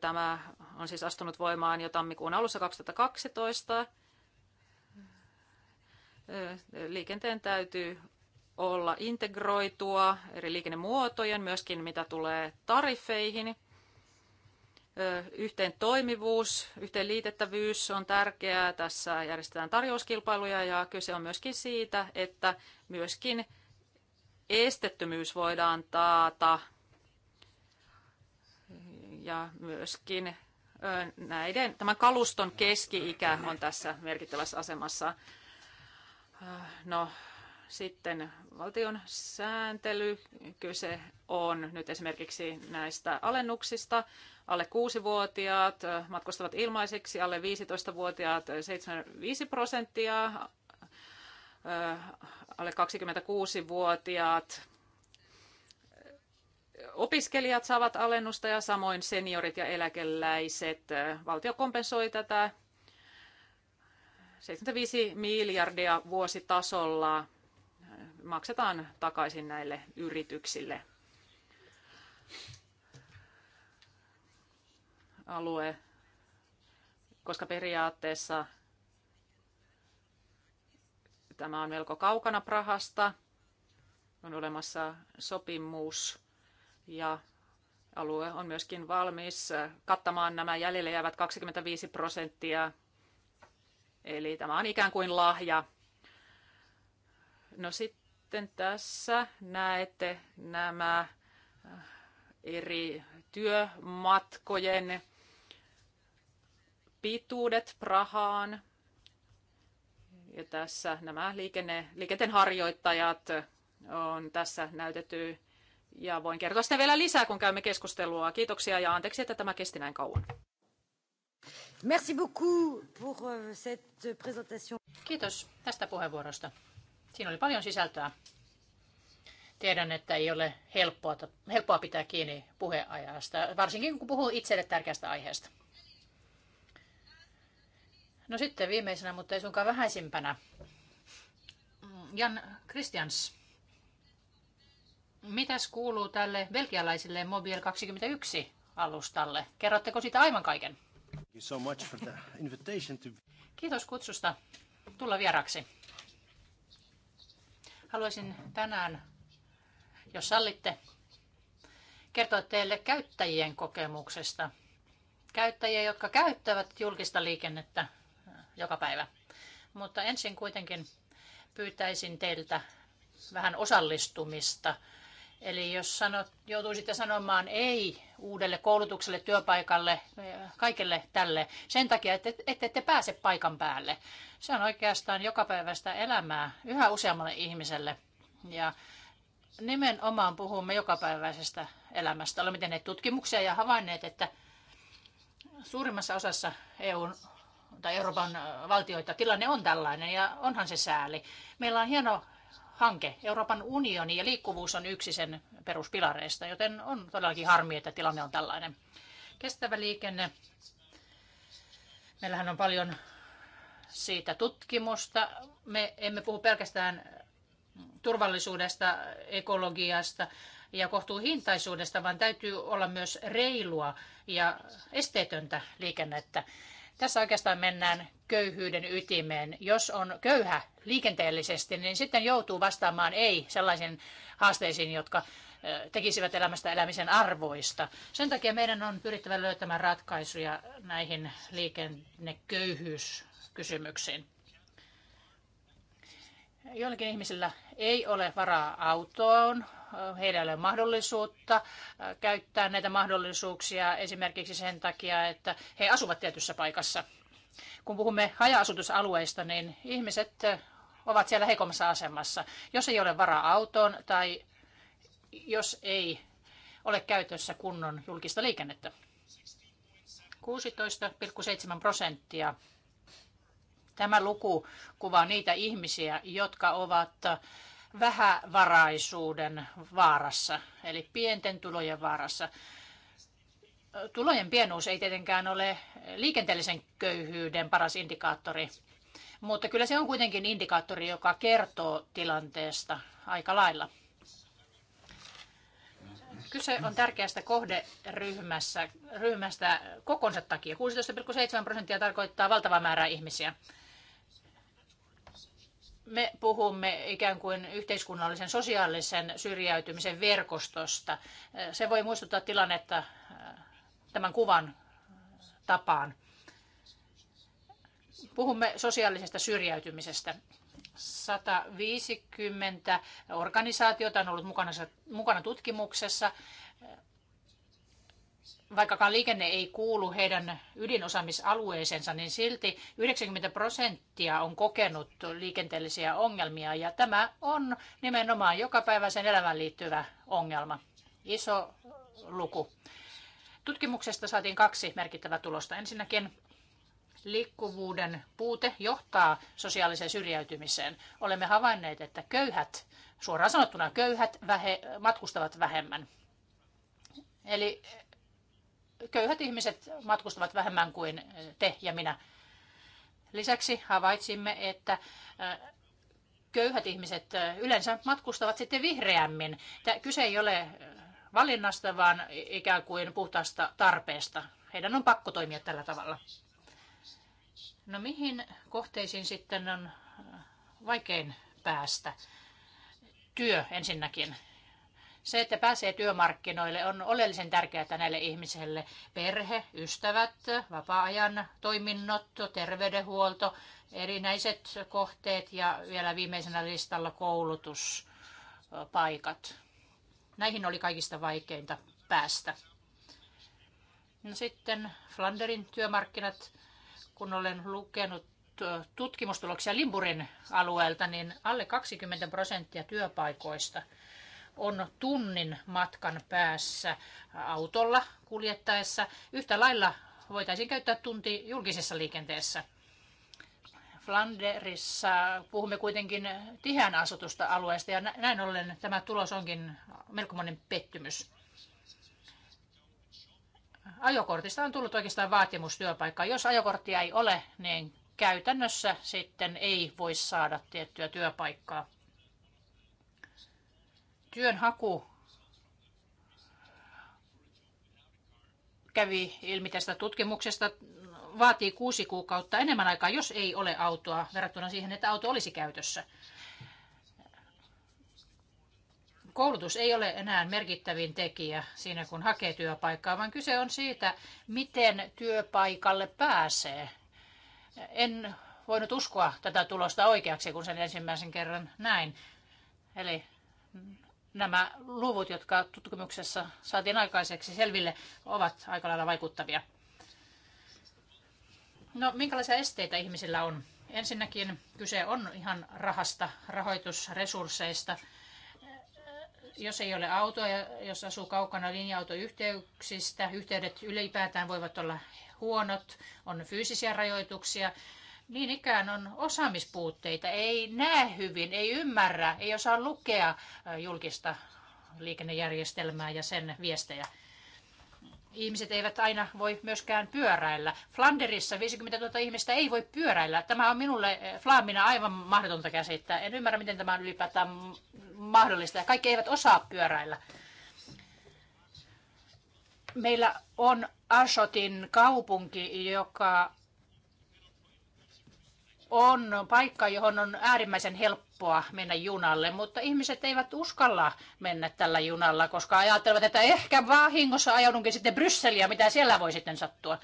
Speaker 3: Tämä on siis astunut voimaan jo tammikuun alussa 2012. Liikenteen täytyy olla integroitua eri liikennemuotojen, myöskin mitä tulee tarifeihin. Yhteen toimivuus, yhteen liitettävyys on tärkeää. Tässä järjestetään tarjouskilpailuja ja kyse on myöskin siitä, että myöskin esteettömyys voidaan taata ja myöskin näiden, tämän kaluston keski-ikä on tässä merkittävässä asemassa. No, sitten valtion sääntely, kyse on nyt esimerkiksi näistä alennuksista. Alle 6-vuotiaat matkustavat ilmaiseksi, alle 15-vuotiaat 75 prosenttia, alle 26-vuotiaat opiskelijat saavat alennusta ja samoin seniorit ja eläkeläiset. Valtio kompensoi tätä 75 miljardia vuositasolla maksetaan takaisin näille yrityksille. Alue, koska periaatteessa Tämä on melko kaukana Prahasta. On olemassa sopimus ja alue on myöskin valmis kattamaan nämä jäljelle jäävät 25 prosenttia. Eli tämä on ikään kuin lahja. No sitten tässä näette nämä äh, eri työmatkojen pituudet Prahaan ja tässä nämä liikenne, liikenteen harjoittajat on tässä näytetty. Ja voin kertoa sitä vielä lisää, kun käymme keskustelua. Kiitoksia ja anteeksi, että tämä kesti näin kauan.
Speaker 2: Merci beaucoup pour euh, cette présentation. Kiitos tästä puheenvuorosta. Siinä oli paljon sisältöä. Tiedän, että ei ole helppoa, helppoa pitää kiinni puheajasta, varsinkin kun puhuu itselle tärkeästä aiheesta. No sitten viimeisenä, mutta ei suinkaan vähäisimpänä. Jan Christians, mitäs kuuluu tälle belgialaiselle Mobiel 21 alustalle? Kerrotteko sitä aivan kaiken? Kiitos kutsusta tulla vieraksi. Haluaisin tänään, jos sallitte, kertoa teille käyttäjien kokemuksesta. Käyttäjiä, jotka käyttävät julkista liikennettä joka päivä. Mutta ensin kuitenkin pyytäisin teiltä vähän osallistumista. Eli jos sanot, joutuisitte sanomaan ei uudelle koulutukselle, työpaikalle, kaikelle tälle, sen takia, että ette, ette pääse paikan päälle. Se on oikeastaan jokapäiväistä elämää yhä useammalle ihmiselle. Ja nimenomaan puhumme jokapäiväisestä elämästä. Olemme tehneet tutkimuksia ja havainneet, että suurimmassa osassa EUn tai Euroopan valtioita. Tilanne on tällainen ja onhan se sääli. Meillä on hieno hanke. Euroopan unioni ja liikkuvuus on yksi sen peruspilareista, joten on todellakin harmi, että tilanne on tällainen. Kestävä liikenne. Meillähän on paljon siitä tutkimusta. Me emme puhu pelkästään turvallisuudesta, ekologiasta ja kohtuuhintaisuudesta, vaan täytyy olla myös reilua ja esteetöntä liikennettä. Tässä oikeastaan mennään köyhyyden ytimeen. Jos on köyhä liikenteellisesti, niin sitten joutuu vastaamaan ei sellaisiin haasteisiin, jotka tekisivät elämästä elämisen arvoista. Sen takia meidän on pyrittävä löytämään ratkaisuja näihin liikenneköyhyyskysymyksiin. Joillakin ihmisillä ei ole varaa autoon, heillä ei ole mahdollisuutta äh, käyttää näitä mahdollisuuksia esimerkiksi sen takia, että he asuvat tietyssä paikassa. Kun puhumme haja-asutusalueista, niin ihmiset äh, ovat siellä heikommassa asemassa. Jos ei ole varaa autoon tai jos ei ole käytössä kunnon julkista liikennettä. 16,7 prosenttia Tämä luku kuvaa niitä ihmisiä, jotka ovat vähävaraisuuden vaarassa, eli pienten tulojen vaarassa. Tulojen pienuus ei tietenkään ole liikenteellisen köyhyyden paras indikaattori, mutta kyllä se on kuitenkin indikaattori, joka kertoo tilanteesta aika lailla. Kyse on tärkeästä kohderyhmästä kokonsa takia. 16,7 prosenttia tarkoittaa valtavaa määrää ihmisiä me puhumme ikään kuin yhteiskunnallisen sosiaalisen syrjäytymisen verkostosta. Se voi muistuttaa tilannetta äh, tämän kuvan tapaan. Puhumme sosiaalisesta syrjäytymisestä. 150 organisaatiota on ollut mukana, mukana tutkimuksessa vaikkakaan liikenne ei kuulu heidän ydinosaamisalueeseensa, niin silti 90 prosenttia on kokenut liikenteellisiä ongelmia ja tämä on nimenomaan jokapäiväisen elämään liittyvä ongelma. Iso luku. Tutkimuksesta saatiin kaksi merkittävää tulosta. Ensinnäkin liikkuvuuden puute johtaa sosiaaliseen syrjäytymiseen. Olemme havainneet, että köyhät, suoraan sanottuna köyhät, vähe, matkustavat vähemmän. Eli köyhät ihmiset matkustavat vähemmän kuin te ja minä. Lisäksi havaitsimme, että köyhät ihmiset yleensä matkustavat sitten vihreämmin. Kyse ei ole valinnasta, vaan ikään kuin puhtaasta tarpeesta. Heidän on pakko toimia tällä tavalla. No mihin kohteisiin sitten on vaikein päästä? Työ ensinnäkin. Se, että pääsee työmarkkinoille, on oleellisen tärkeää näille ihmisille. Perhe, ystävät, vapaa-ajan toiminnot, terveydenhuolto, erinäiset kohteet ja vielä viimeisenä listalla koulutuspaikat. Näihin oli kaikista vaikeinta päästä. No sitten Flanderin työmarkkinat, kun olen lukenut tutkimustuloksia Limburin alueelta, niin alle 20 prosenttia työpaikoista on tunnin matkan päässä autolla kuljettaessa. Yhtä lailla voitaisiin käyttää tunti julkisessa liikenteessä. Flanderissa puhumme kuitenkin tiheän asutusta alueesta ja näin ollen tämä tulos onkin melkomoinen pettymys. Ajokortista on tullut oikeastaan vaatimus työpaikkaan. Jos ajokorttia ei ole, niin käytännössä sitten ei voi saada tiettyä työpaikkaa työnhaku kävi ilmi tästä tutkimuksesta, vaatii kuusi kuukautta enemmän aikaa, jos ei ole autoa, verrattuna siihen, että auto olisi käytössä. Koulutus ei ole enää merkittävin tekijä siinä, kun hakee työpaikkaa, vaan kyse on siitä, miten työpaikalle pääsee. En voinut uskoa tätä tulosta oikeaksi, kun sen ensimmäisen kerran näin. Eli nämä luvut, jotka tutkimuksessa saatiin aikaiseksi selville, ovat aika lailla vaikuttavia. No, minkälaisia esteitä ihmisillä on? Ensinnäkin kyse on ihan rahasta, rahoitusresursseista. Jos ei ole autoa ja jos asuu kaukana linja-autoyhteyksistä, yhteydet ylipäätään voivat olla huonot, on fyysisiä rajoituksia, niin ikään on osaamispuutteita, ei näe hyvin, ei ymmärrä, ei osaa lukea julkista liikennejärjestelmää ja sen viestejä. Ihmiset eivät aina voi myöskään pyöräillä. Flanderissa 50 000 ihmistä ei voi pyöräillä. Tämä on minulle Flaamina aivan mahdotonta käsittää. En ymmärrä, miten tämä on ylipäätään mahdollista. kaikki eivät osaa pyöräillä. Meillä on Ashotin kaupunki, joka on paikka, johon on äärimmäisen helppoa mennä junalle, mutta ihmiset eivät uskalla mennä tällä junalla, koska ajattelevat, että ehkä vahingossa ajaudunkin sitten Brysseliä, mitä siellä voi sitten sattua.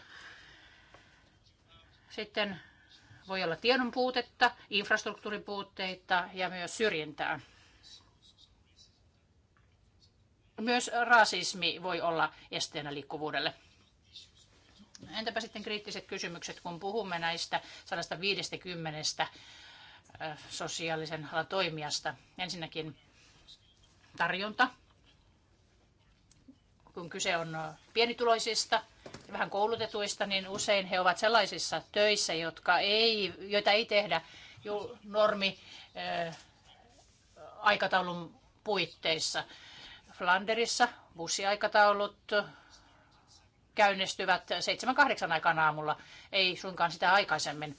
Speaker 2: Sitten voi olla tiedon puutetta, infrastruktuurin puutteita ja myös syrjintää. Myös rasismi voi olla esteenä liikkuvuudelle. Entäpä sitten kriittiset kysymykset, kun puhumme näistä 150 sosiaalisen alan toimijasta. Ensinnäkin tarjonta, kun kyse on pienituloisista ja vähän koulutetuista, niin usein he ovat sellaisissa töissä, jotka ei, joita ei tehdä normi aikataulun puitteissa. Flanderissa bussiaikataulut käynnistyvät 7-8 aikana aamulla, ei suinkaan sitä aikaisemmin.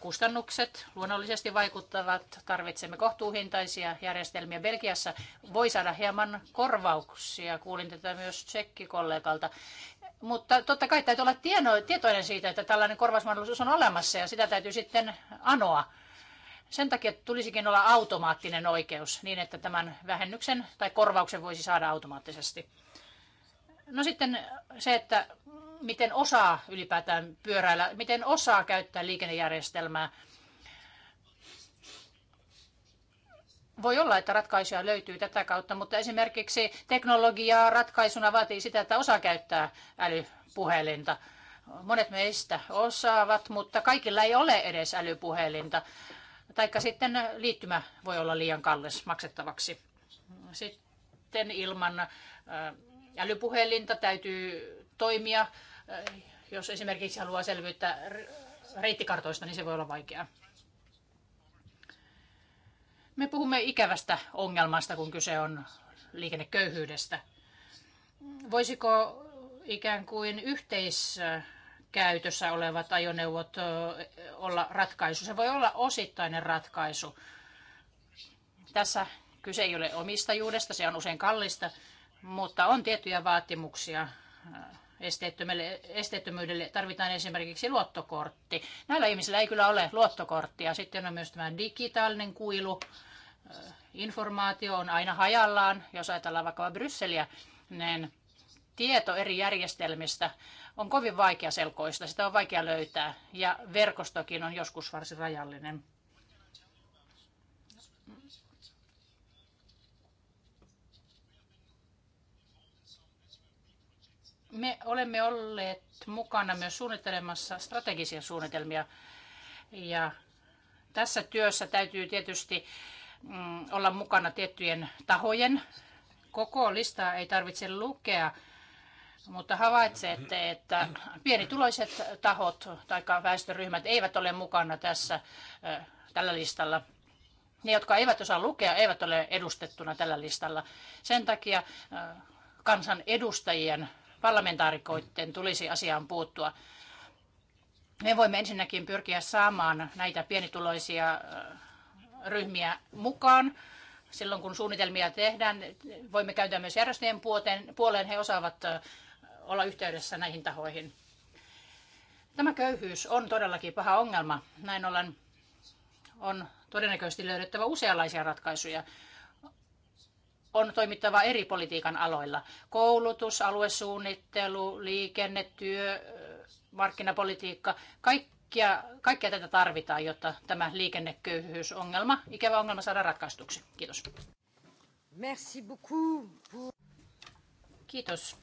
Speaker 2: Kustannukset luonnollisesti vaikuttavat. Tarvitsemme kohtuuhintaisia järjestelmiä. Belgiassa voi saada hieman korvauksia. Kuulin tätä myös tsekkikollegalta. Mutta totta kai täytyy olla tieno, tietoinen siitä, että tällainen korvausmahdollisuus on olemassa ja sitä täytyy sitten anoa. Sen takia tulisikin olla automaattinen oikeus niin, että tämän vähennyksen tai korvauksen voisi saada automaattisesti. No sitten se, että miten osaa ylipäätään pyöräillä, miten osaa käyttää liikennejärjestelmää. Voi olla, että ratkaisuja löytyy tätä kautta, mutta esimerkiksi teknologiaa ratkaisuna vaatii sitä, että osaa käyttää älypuhelinta. Monet meistä osaavat, mutta kaikilla ei ole edes älypuhelinta. Taikka sitten liittymä voi olla liian kallis maksettavaksi. Sitten ilman äh, älypuhelinta, täytyy toimia. Äh, jos esimerkiksi haluaa selvyyttä reittikartoista, niin se voi olla vaikeaa. Me puhumme ikävästä ongelmasta, kun kyse on liikenneköyhyydestä. Voisiko ikään kuin yhteiskäytössä olevat ajoneuvot olla ratkaisu? Se voi olla osittainen ratkaisu. Tässä kyse ei ole omistajuudesta, se on usein kallista, mutta on tiettyjä vaatimuksia äh, esteettömyydelle. Tarvitaan esimerkiksi luottokortti. Näillä ihmisillä ei kyllä ole luottokorttia. Sitten on myös tämä digitaalinen kuilu. Äh, informaatio on aina hajallaan. Jos ajatellaan vaikka Brysseliä, niin tieto eri järjestelmistä on kovin vaikea selkoista. Sitä on vaikea löytää ja verkostokin on joskus varsin rajallinen. Me olemme olleet mukana myös suunnittelemassa strategisia suunnitelmia ja tässä työssä täytyy tietysti mm, olla mukana tiettyjen tahojen. Koko listaa ei tarvitse lukea, mutta havaitsette, että pienituloiset tahot tai väestöryhmät eivät ole mukana tässä tällä listalla. Ne, jotka eivät osaa lukea, eivät ole edustettuna tällä listalla. Sen takia kansan edustajien parlamentaarikoiden tulisi asiaan puuttua. Me voimme ensinnäkin pyrkiä saamaan näitä pienituloisia äh, ryhmiä mukaan. Silloin kun suunnitelmia tehdään, voimme käyttää myös järjestöjen puoleen. He osaavat äh, olla yhteydessä näihin tahoihin. Tämä köyhyys on todellakin paha ongelma. Näin ollen on todennäköisesti löydettävä useanlaisia ratkaisuja on toimittava eri politiikan aloilla. Koulutus, aluesuunnittelu, liikenne, työ, markkinapolitiikka, kaikkia, kaikkea tätä tarvitaan, jotta tämä liikenneköyhyysongelma, ikävä ongelma saadaan ratkaistuksi. Kiitos. Merci beaucoup. Kiitos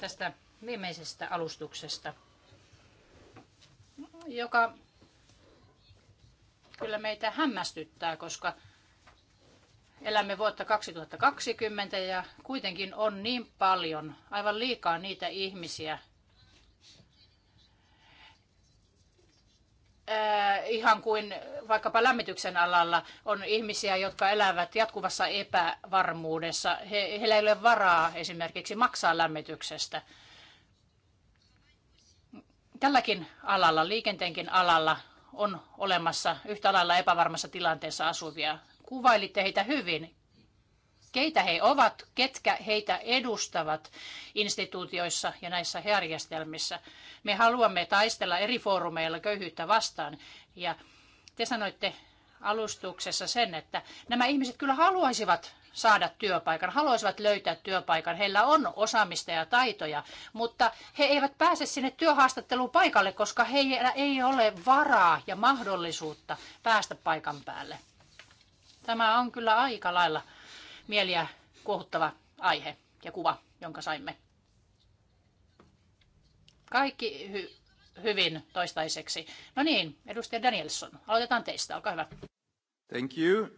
Speaker 2: tästä viimeisestä alustuksesta, joka kyllä meitä hämmästyttää, koska Elämme vuotta 2020 ja kuitenkin on niin paljon, aivan liikaa niitä ihmisiä, äh, ihan kuin vaikkapa lämmityksen alalla on ihmisiä, jotka elävät jatkuvassa epävarmuudessa. He, heillä ei ole varaa esimerkiksi maksaa lämmityksestä. Tälläkin alalla, liikenteenkin alalla, on olemassa yhtä lailla epävarmassa tilanteessa asuvia kuvailitte heitä hyvin. Keitä he ovat, ketkä heitä edustavat instituutioissa ja näissä järjestelmissä. Me haluamme taistella eri foorumeilla köyhyyttä vastaan. Ja te sanoitte alustuksessa sen, että nämä ihmiset kyllä haluaisivat saada työpaikan, haluaisivat löytää työpaikan. Heillä on osaamista ja taitoja, mutta he eivät pääse sinne työhaastatteluun paikalle, koska heillä ei ole varaa ja mahdollisuutta päästä paikan päälle. Tämä on kyllä aika lailla mieliä kuohuttava aihe ja kuva, jonka saimme. Kaikki hy- hyvin toistaiseksi. No niin, edustaja Danielson, aloitetaan teistä, olkaa hyvä.
Speaker 3: Thank you. Uh...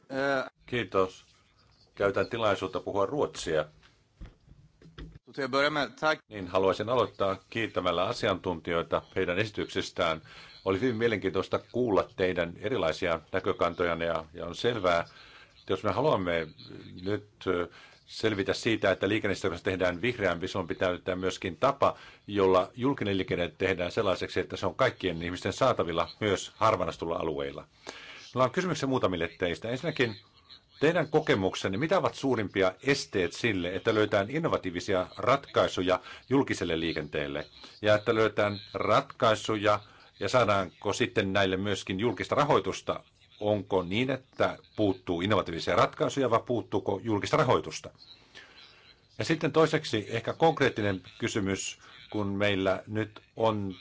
Speaker 1: Kiitos. Käytän tilaisuutta puhua ruotsia. Niin, haluaisin aloittaa kiittämällä asiantuntijoita heidän esityksestään. Oli hyvin mielenkiintoista kuulla teidän erilaisia näkökantoja ja, ja on selvää, että jos me haluamme nyt selvitä siitä, että liikennestä tehdään vihreämpi, se on pitäyttää myöskin tapa, jolla julkinen liikenne tehdään sellaiseksi, että se on kaikkien ihmisten saatavilla myös harvanastulla alueilla. Meillä on kysymyksiä muutamille teistä. Ensinnäkin teidän kokemuksenne, mitä ovat suurimpia esteet sille, että löytään innovatiivisia ratkaisuja julkiselle liikenteelle ja että löytään ratkaisuja, ja saadaanko sitten näille myöskin julkista rahoitusta? Onko niin, että puuttuu innovatiivisia ratkaisuja vai puuttuuko julkista rahoitusta? Ja sitten toiseksi ehkä konkreettinen kysymys, kun meillä nyt on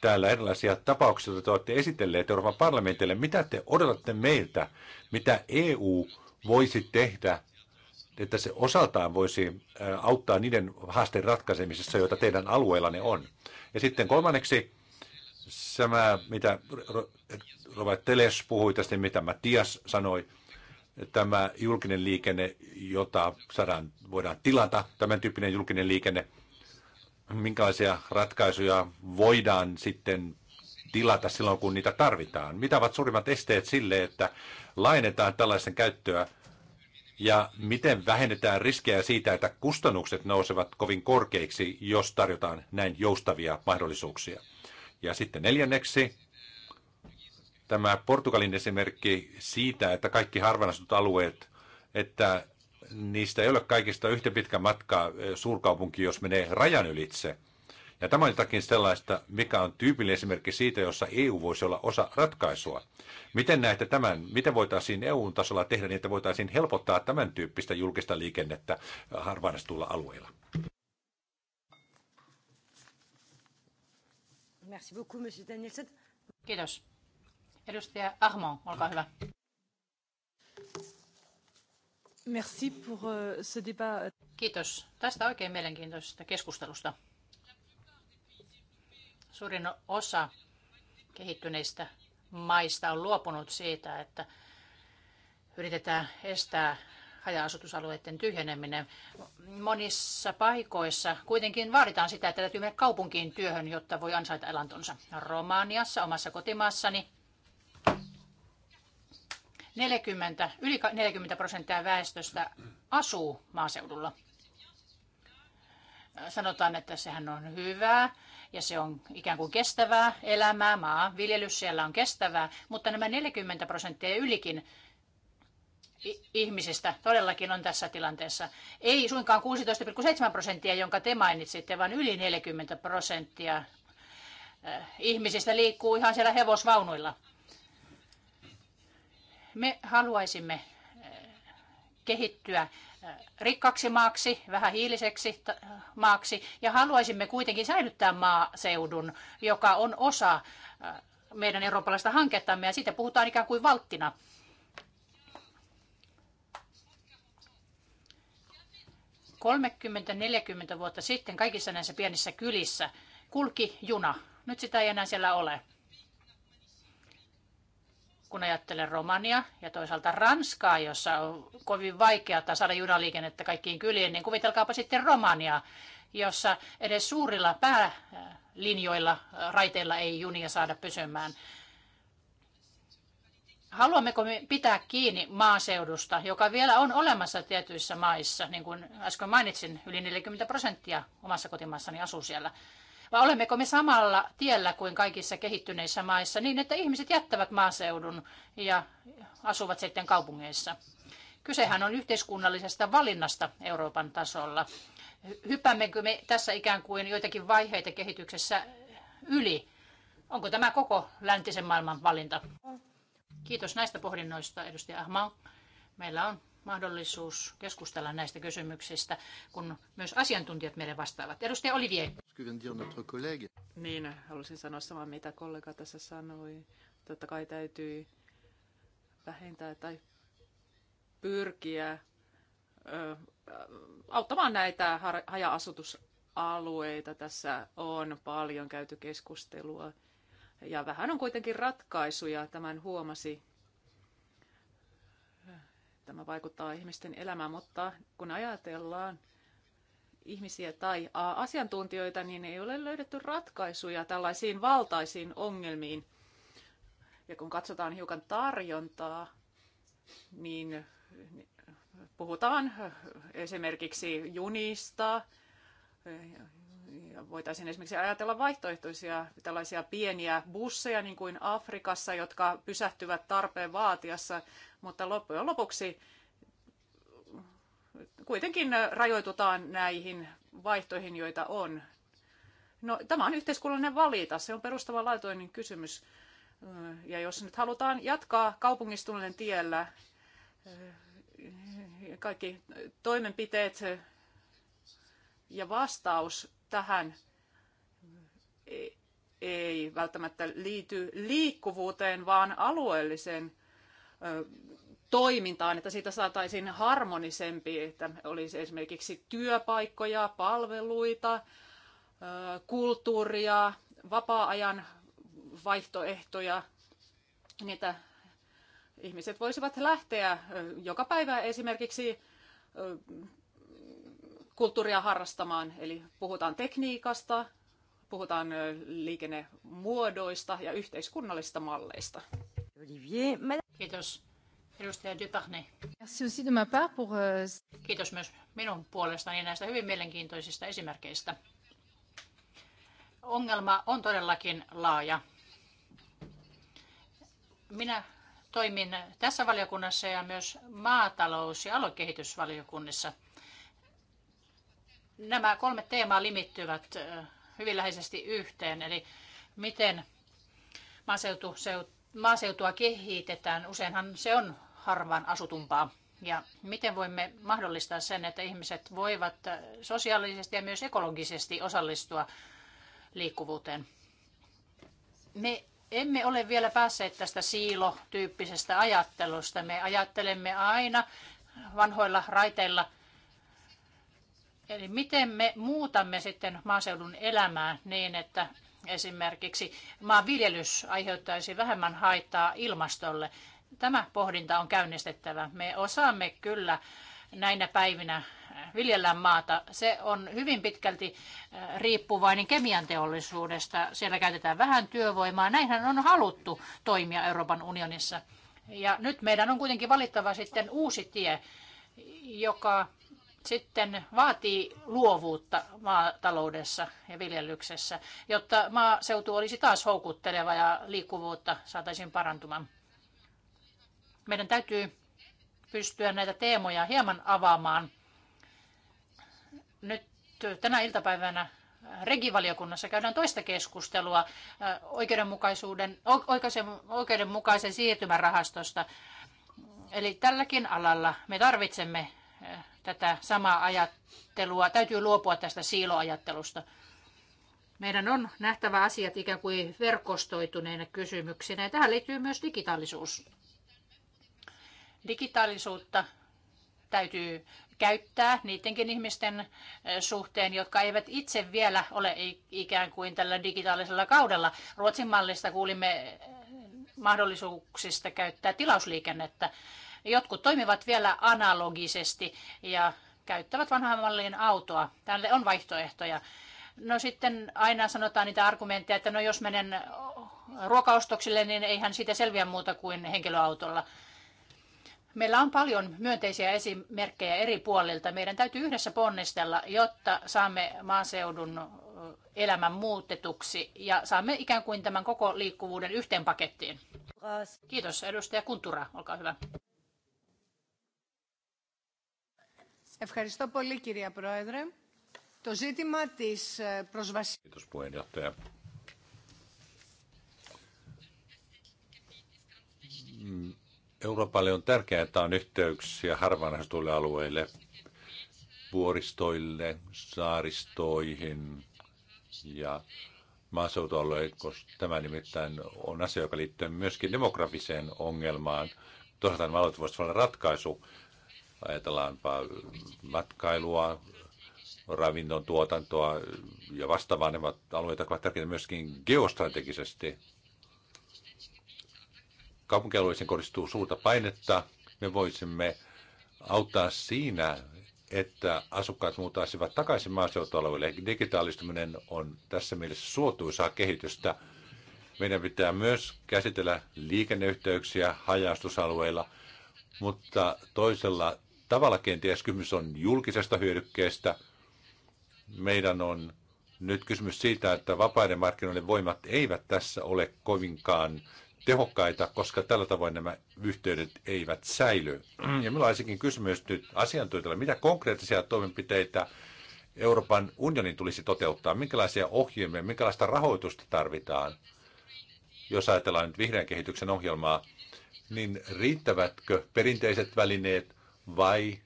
Speaker 1: täällä erilaisia tapauksia, joita te olette esitelleet Euroopan parlamentille. Mitä te odotatte meiltä? Mitä EU voisi tehdä, että se osaltaan voisi auttaa niiden haasteiden ratkaisemisessa, joita teidän alueellanne on? Ja sitten kolmanneksi, mä, mitä Robert Teles puhui tästä, mitä Matias sanoi, tämä julkinen liikenne, jota saadaan, voidaan tilata, tämän tyyppinen julkinen liikenne, minkälaisia ratkaisuja voidaan sitten tilata silloin, kun niitä tarvitaan? Mitä ovat suurimmat esteet sille, että lainetaan tällaisen käyttöä ja miten vähennetään riskejä siitä, että kustannukset nousevat kovin korkeiksi, jos tarjotaan näin joustavia mahdollisuuksia? Ja sitten neljänneksi tämä Portugalin esimerkki siitä, että kaikki harvanasut alueet, että niistä ei ole kaikista yhtä pitkä matka eh, suurkaupunki, jos menee rajan ylitse. Ja tämä on jotakin sellaista, mikä on tyypillinen esimerkki siitä, jossa EU voisi olla osa ratkaisua. Miten näette tämän? Miten voitaisiin EU-tasolla tehdä niin, että voitaisiin helpottaa tämän tyyppistä julkista liikennettä eh, harvaan alueilla?
Speaker 2: Merci beaucoup, Monsieur Danielson. Kiitos. Edustaja Armand, olkaa hyvä. Merci pour euh, ce débat. Kiitos tästä oikein mielenkiintoisesta keskustelusta. Suurin osa kehittyneistä maista on luopunut siitä, että yritetään estää haja-asutusalueiden tyhjeneminen. Monissa paikoissa kuitenkin vaaditaan sitä, että täytyy mennä kaupunkiin työhön, jotta voi ansaita elantonsa. Romaniassa, omassa kotimaassani, 40, yli 40 prosenttia väestöstä asuu maaseudulla. Sanotaan, että sehän on hyvää ja se on ikään kuin kestävää elämää, maa, viljelys siellä on kestävää, mutta nämä 40 prosenttia ylikin ihmisistä todellakin on tässä tilanteessa. Ei suinkaan 16,7 prosenttia, jonka te mainitsitte, vaan yli 40 prosenttia eh, ihmisistä liikkuu ihan siellä hevosvaunuilla. Me haluaisimme eh, kehittyä eh, rikkaksi maaksi, vähän hiiliseksi maaksi ja haluaisimme kuitenkin säilyttää maaseudun, joka on osa meidän eurooppalaista hankettamme ja siitä puhutaan ikään kuin valttina. 30-40 vuotta sitten kaikissa näissä pienissä kylissä kulki juna. Nyt sitä ei enää siellä ole. Kun ajattelen Romania ja toisaalta Ranskaa, jossa on kovin vaikeaa saada junaliikennettä kaikkiin kyliin, niin kuvitelkaapa sitten Romania, jossa edes suurilla päälinjoilla raiteilla ei junia saada pysymään. Haluammeko me pitää kiinni maaseudusta, joka vielä on olemassa tietyissä maissa, niin kuin äsken mainitsin, yli 40 prosenttia omassa kotimaassani asuu siellä. Vai olemmeko me samalla tiellä kuin kaikissa kehittyneissä maissa niin, että ihmiset jättävät maaseudun ja asuvat sitten kaupungeissa? Kysehän on yhteiskunnallisesta valinnasta Euroopan tasolla. Hypämmekö me tässä ikään kuin joitakin vaiheita kehityksessä yli? Onko tämä koko läntisen maailman valinta? Kiitos näistä pohdinnoista, edustaja Ahmal. Meillä on mahdollisuus keskustella näistä kysymyksistä, kun myös asiantuntijat meille vastaavat.
Speaker 3: Edustaja Olivier. Niin, halusin sanoa samaa, mitä kollega tässä sanoi. Totta kai täytyy vähentää tai pyrkiä ö, auttamaan näitä haja-asutusalueita. Tässä on paljon käyty keskustelua ja vähän on kuitenkin ratkaisuja, tämän huomasi. Tämä vaikuttaa ihmisten elämään, mutta kun ajatellaan ihmisiä tai asiantuntijoita, niin ei ole löydetty ratkaisuja tällaisiin valtaisiin ongelmiin. Ja kun katsotaan hiukan tarjontaa, niin, niin puhutaan esimerkiksi junista, voitaisiin esimerkiksi ajatella vaihtoehtoisia tällaisia pieniä busseja, niin kuin Afrikassa, jotka pysähtyvät tarpeen vaatiassa, mutta loppujen lopuksi kuitenkin rajoitutaan näihin vaihtoihin, joita on. No, tämä on yhteiskunnallinen valita, se on perustavanlaatuinen kysymys. Ja jos nyt halutaan jatkaa kaupungistuminen tiellä, kaikki toimenpiteet ja vastaus tähän e, ei välttämättä liity liikkuvuuteen, vaan alueelliseen toimintaan, että siitä saataisiin harmonisempi, että olisi esimerkiksi työpaikkoja, palveluita, kulttuuria, vapaa-ajan vaihtoehtoja, niitä ihmiset voisivat lähteä joka päivä esimerkiksi kulttuuria harrastamaan. Eli puhutaan tekniikasta, puhutaan liikennemuodoista ja yhteiskunnallisista malleista.
Speaker 2: Olivier, Kiitos. Edustaja Dypahne.
Speaker 3: Euh,
Speaker 2: Kiitos myös minun puolestani näistä hyvin mielenkiintoisista esimerkkeistä. Ongelma on todellakin laaja. Minä toimin tässä valiokunnassa ja myös maatalous- ja aluekehitysvaliokunnissa – nämä kolme teemaa limittyvät hyvin läheisesti yhteen, eli miten maaseutu, maaseutua kehitetään. Useinhan se on harvaan asutumpaa. Ja miten voimme mahdollistaa sen, että ihmiset voivat sosiaalisesti ja myös ekologisesti osallistua liikkuvuuteen? Me emme ole vielä päässeet tästä siilotyyppisestä ajattelusta. Me ajattelemme aina vanhoilla raiteilla – Eli miten me muutamme sitten maaseudun elämää niin, että esimerkiksi maanviljelys aiheuttaisi vähemmän haittaa ilmastolle. Tämä pohdinta on käynnistettävä. Me osaamme kyllä näinä päivinä viljellään maata. Se on hyvin pitkälti äh, riippuvainen kemian teollisuudesta. Siellä käytetään vähän työvoimaa. Näinhän on haluttu toimia Euroopan unionissa. Ja nyt meidän on kuitenkin valittava sitten uusi tie, joka sitten vaatii luovuutta maataloudessa ja viljelyksessä, jotta maaseutu olisi taas houkutteleva ja liikkuvuutta saataisiin parantumaan. Meidän täytyy pystyä näitä teemoja hieman avaamaan. Nyt tänä iltapäivänä regivaliokunnassa käydään toista keskustelua äh, oikeudenmukaisuuden, oikeudenmukaisen siirtymärahastosta. Eli tälläkin alalla me tarvitsemme äh, tätä samaa ajattelua, täytyy luopua tästä siiloajattelusta. Meidän on nähtävä asiat ikään kuin verkostoituneina kysymyksinä ja tähän liittyy myös digitaalisuus. Digitaalisuutta täytyy käyttää niidenkin ihmisten eh, suhteen, jotka eivät itse vielä ole ikään kuin tällä digitaalisella kaudella. Ruotsin mallista kuulimme eh, mahdollisuuksista käyttää tilausliikennettä Jotkut toimivat vielä analogisesti ja käyttävät vanhaan malliin autoa. Tälle on vaihtoehtoja. No sitten aina sanotaan niitä argumentteja, että no jos menen ruokaostoksille, niin eihän siitä selviä muuta kuin henkilöautolla. Meillä on paljon myönteisiä esimerkkejä eri puolilta. Meidän täytyy yhdessä ponnistella, jotta saamme maaseudun elämän muutetuksi ja saamme ikään kuin tämän koko liikkuvuuden yhteen pakettiin. Kiitos edustaja Kuntura, olkaa hyvä. Ευχαριστώ πολύ
Speaker 1: puheenjohtaja. Mm, Euroopalle on tärkeää, että on yhteyksiä harvaan asutuille alueille, vuoristoille, saaristoihin ja maaseutualueille, koska tämä nimittäin on asia, joka liittyy myöskin demografiseen ongelmaan. Toisaalta nämä alueet voisivat olla ratkaisu Ajatellaanpa matkailua, ravinnon tuotantoa ja vastaavaa. Ne ovat alueita, ovat tärkeitä myöskin geostrategisesti. Kaupunkialueisiin kohdistuu suurta painetta. Me voisimme auttaa siinä, että asukkaat muuttaisivat takaisin maaseutualueille. Digitaalistuminen on tässä mielessä suotuisaa kehitystä. Meidän pitää myös käsitellä liikenneyhteyksiä hajaustusalueilla, mutta toisella tavalla kenties kysymys on julkisesta hyödykkeestä. Meidän on nyt kysymys siitä, että vapaiden markkinoiden voimat eivät tässä ole kovinkaan tehokkaita, koska tällä tavoin nämä yhteydet eivät säily. Ja minulla olisikin kysymys nyt asiantuntijoille, mitä konkreettisia toimenpiteitä Euroopan unionin tulisi toteuttaa, minkälaisia ohjelmia, minkälaista rahoitusta tarvitaan, jos ajatellaan nyt vihreän kehityksen ohjelmaa, niin riittävätkö perinteiset välineet vai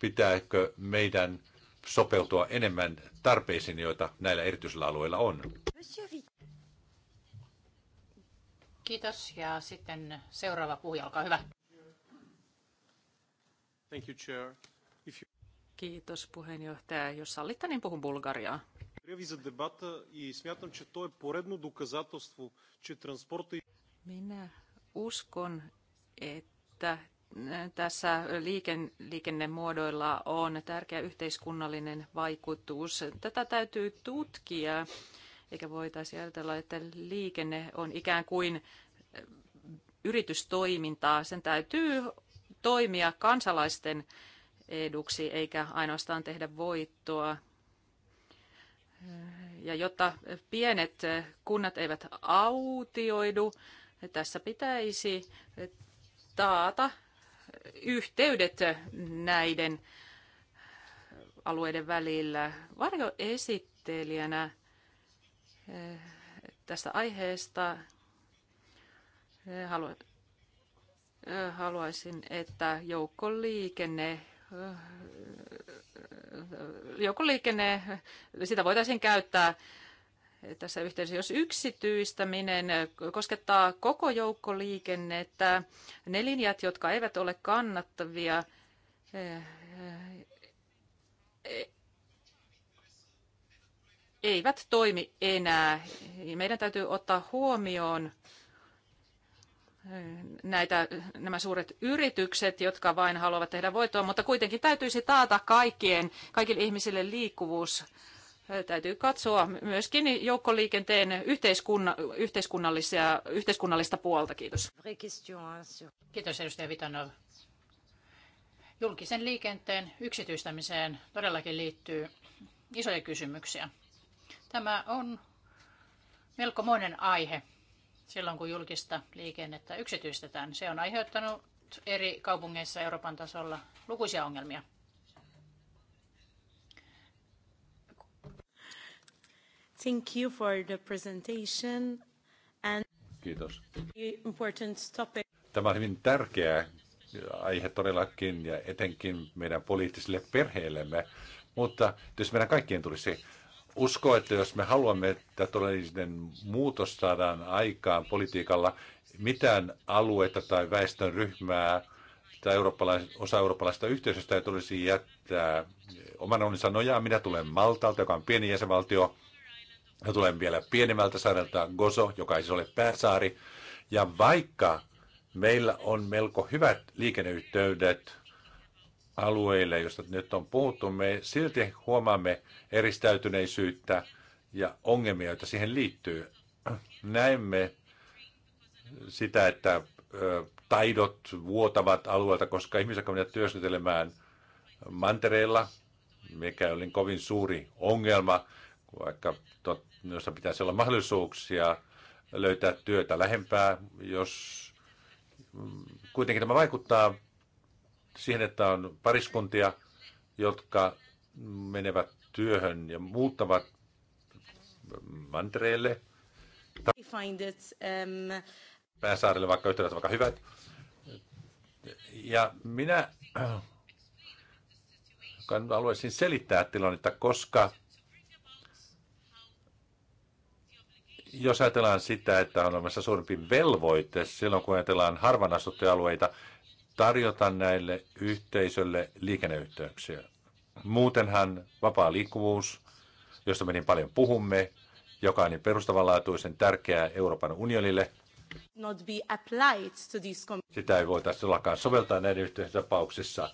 Speaker 1: pitääkö meidän sopeutua enemmän tarpeisiin, joita näillä erityisillä alueilla on?
Speaker 2: Kiitos ja sitten seuraava puhuja, olkaa hyvä.
Speaker 3: Thank you, Chair. If you... Kiitos puheenjohtaja. Jos sallitte, niin puhun Bulgariaa. Minä uskon, että tässä liiken, liikennemuodoilla on tärkeä yhteiskunnallinen vaikutus. Tätä täytyy tutkia, eikä voitaisiin ajatella, että liikenne on ikään kuin eh, yritystoimintaa. Sen täytyy toimia kansalaisten eduksi, eikä ainoastaan tehdä voittoa. Ja jotta pienet kunnat eivät autioidu, tässä pitäisi taata yhteydet näiden alueiden välillä. esittelijänä eh, tästä aiheesta eh, eh, haluaisin, että joukkoliikenne joukkoliikenne, sitä voitaisiin käyttää tässä yhteydessä, jos yksityistäminen koskettaa koko joukkoliikennettä, ne linjat, jotka eivät ole kannattavia, eh, eivät toimi enää. Meidän täytyy ottaa huomioon eh, näitä, nämä suuret yritykset, jotka vain haluavat tehdä voittoa, mutta kuitenkin täytyisi taata kaikkien, kaikille ihmisille liikkuvuus täytyy katsoa myöskin joukkoliikenteen yhteiskunna, yhteiskunnallisia, yhteiskunnallista puolta. Kiitos.
Speaker 2: Kiitos edustaja Vitanov. Julkisen liikenteen yksityistämiseen todellakin liittyy isoja kysymyksiä. Tämä on melkomoinen aihe silloin, kun julkista liikennettä yksityistetään. Se on aiheuttanut eri kaupungeissa Euroopan tasolla lukuisia ongelmia.
Speaker 3: Thank you for the presentation and Kiitos.
Speaker 2: Important topic.
Speaker 1: Tämä on hyvin tärkeä aihe todellakin ja etenkin meidän poliittisille perheillemme, mutta jos meidän kaikkien tulisi uskoa, että jos me haluamme, että todellinen muutos saadaan aikaan politiikalla, mitään aluetta tai väestön ryhmää tai eurooppalais, osa eurooppalaista yhteisöstä ei tulisi jättää oman onnissa nojaa. Minä tulen Maltalta, joka on pieni jäsenvaltio, ja tulee vielä pienemmältä saarelta Gozo, joka ei siis ole pääsaari. Ja vaikka meillä on melko hyvät liikenneyhteydet alueille, joista nyt on puhuttu, me silti huomaamme eristäytyneisyyttä ja ongelmia, joita siihen liittyy. Näemme sitä, että taidot vuotavat alueelta, koska ihmiset menevät työskentelemään mantereilla, mikä oli kovin suuri ongelma vaikka tot, jossa pitäisi olla mahdollisuuksia löytää työtä lähempää, jos mm, kuitenkin tämä vaikuttaa siihen, että on pariskuntia, jotka menevät työhön ja muuttavat mantereelle,
Speaker 2: um,
Speaker 1: pääsaarille, vaikka yhteydet vaikka hyvät. Ja minä <clears throat> haluaisin selittää tilannetta, koska jos ajatellaan sitä, että on olemassa suurempi velvoite silloin, kun ajatellaan harvan asuttuja alueita, tarjota näille yhteisölle liikenneyhteyksiä. Muutenhan vapaa liikkuvuus, josta me niin paljon puhumme, joka on niin perustavanlaatuisen tärkeää Euroopan unionille,
Speaker 2: not be applied to this
Speaker 1: Sitä ei voitaisiin sullakaan soveltaa näiden yhteisöjen tapauksissa.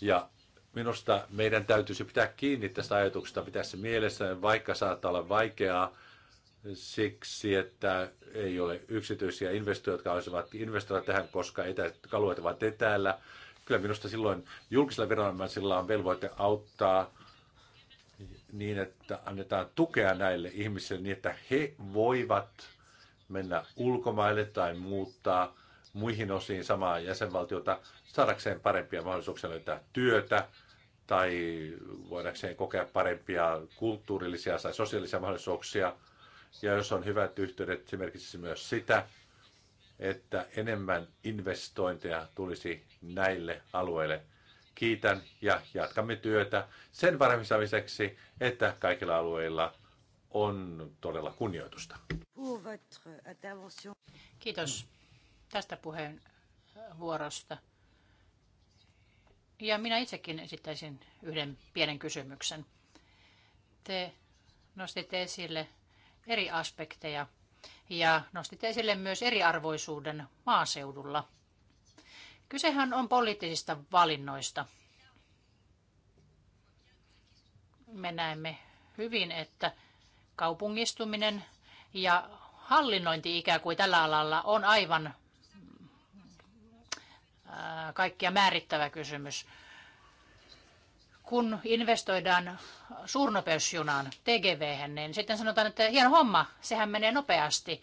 Speaker 1: Ja minusta meidän täytyisi pitää kiinni tästä ajatuksesta, pitää se mielessä, vaikka saattaa olla vaikeaa, siksi, että ei ole yksityisiä investoijia, jotka olisivat investoida tähän, koska etä, ovat etäällä. Kyllä minusta silloin julkisella viranomaisilla on velvoite auttaa niin, että annetaan tukea näille ihmisille niin, että he voivat mennä ulkomaille tai muuttaa muihin osiin samaa jäsenvaltiota saadakseen parempia mahdollisuuksia löytää työtä tai voidakseen kokea parempia kulttuurillisia tai sosiaalisia mahdollisuuksia – ja jos on hyvät yhteydet, se merkitsisi myös sitä, että enemmän investointeja tulisi näille alueille. Kiitän ja jatkamme työtä sen varmistamiseksi, että kaikilla alueilla on todella kunnioitusta.
Speaker 2: Kiitos tästä puheenvuorosta. Ja minä itsekin esittäisin yhden pienen kysymyksen. Te nostitte esille eri aspekteja ja nostit esille myös eriarvoisuuden maaseudulla. Kysehän on poliittisista valinnoista. Me näemme hyvin, että kaupungistuminen ja hallinnointi ikään kuin tällä alalla on aivan kaikkia määrittävä kysymys kun investoidaan suurnopeusjunaan, tgv niin sitten sanotaan, että hieno homma, sehän menee nopeasti.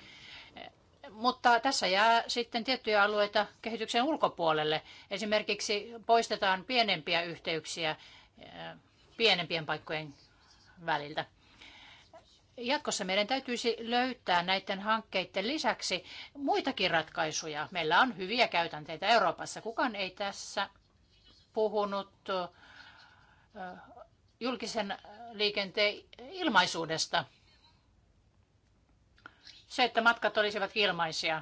Speaker 2: Mutta tässä jää sitten tiettyjä alueita kehityksen ulkopuolelle. Esimerkiksi poistetaan pienempiä yhteyksiä eh, pienempien paikkojen väliltä. Jatkossa meidän täytyisi löytää näiden hankkeiden lisäksi muitakin ratkaisuja. Meillä on hyviä käytänteitä Euroopassa. Kukaan ei tässä puhunut julkisen liikenteen ilmaisuudesta. Se, että matkat olisivat ilmaisia.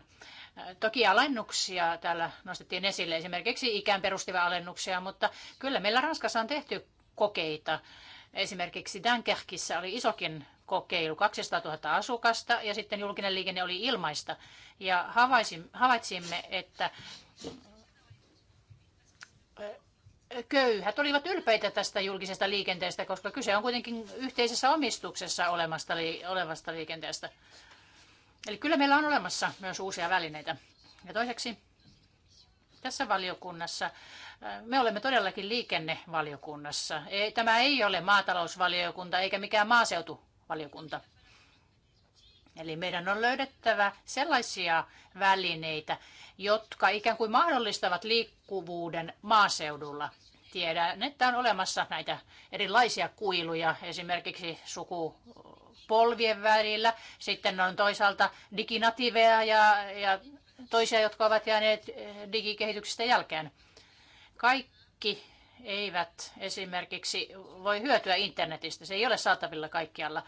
Speaker 2: Toki alennuksia täällä nostettiin esille, esimerkiksi ikään perustiva alennuksia, mutta kyllä meillä Ranskassa on tehty kokeita. Esimerkiksi Dunkerkissä oli isokin kokeilu, 200 000 asukasta ja sitten julkinen liikenne oli ilmaista. Ja havaitsimme, että köyhät olivat ylpeitä tästä julkisesta liikenteestä, koska kyse on kuitenkin yhteisessä omistuksessa olemasta, li- olevasta liikenteestä. Eli kyllä meillä on olemassa myös uusia välineitä. Ja toiseksi tässä valiokunnassa, äh, me olemme todellakin liikennevaliokunnassa. tämä ei ole maatalousvaliokunta eikä mikään maaseutuvaliokunta. Eli meidän on löydettävä sellaisia välineitä, jotka ikään kuin mahdollistavat liikkuvuuden maaseudulla. Tiedän, että on olemassa näitä erilaisia kuiluja, esimerkiksi polvien välillä. Sitten on toisaalta diginatiiveja ja, ja toisia, jotka ovat jääneet eh, digikehityksestä jälkeen. Kaikki eivät esimerkiksi voi hyötyä internetistä. Se ei ole saatavilla kaikkialla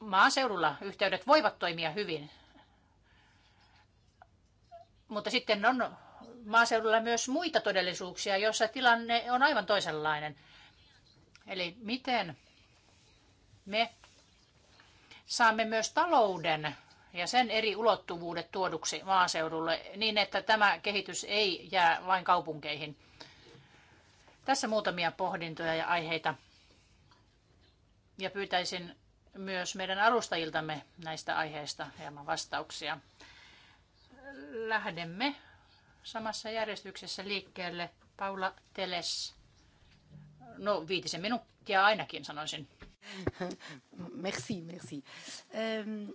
Speaker 2: maaseudulla yhteydet voivat toimia hyvin, mutta sitten on maaseudulla myös muita todellisuuksia, joissa tilanne on aivan toisenlainen. Eli miten me saamme myös talouden ja sen eri ulottuvuudet tuoduksi maaseudulle niin, että tämä kehitys ei jää vain kaupunkeihin. Tässä muutamia pohdintoja ja aiheita. Ja pyytäisin myös meidän alustajiltamme näistä aiheista hieman vastauksia. Lähdemme samassa järjestyksessä liikkeelle. Paula Teles, no viitisen minuuttia ainakin sanoisin.
Speaker 3: <laughs> Merci, merci. Ähm...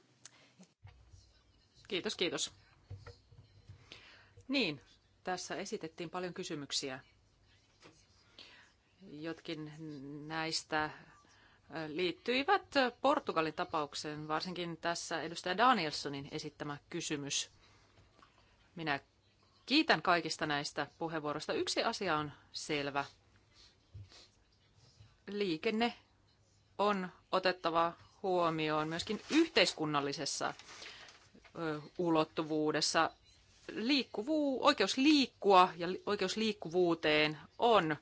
Speaker 3: Kiitos, kiitos. Niin, tässä esitettiin paljon kysymyksiä. Jotkin näistä liittyivät Portugalin tapaukseen, varsinkin tässä edustaja Danielssonin esittämä kysymys. Minä kiitän kaikista näistä puheenvuoroista. Yksi asia on selvä. Liikenne on otettava huomioon myöskin yhteiskunnallisessa ulottuvuudessa. Liikkuvuu, oikeus liikkua ja oikeus liikkuvuuteen on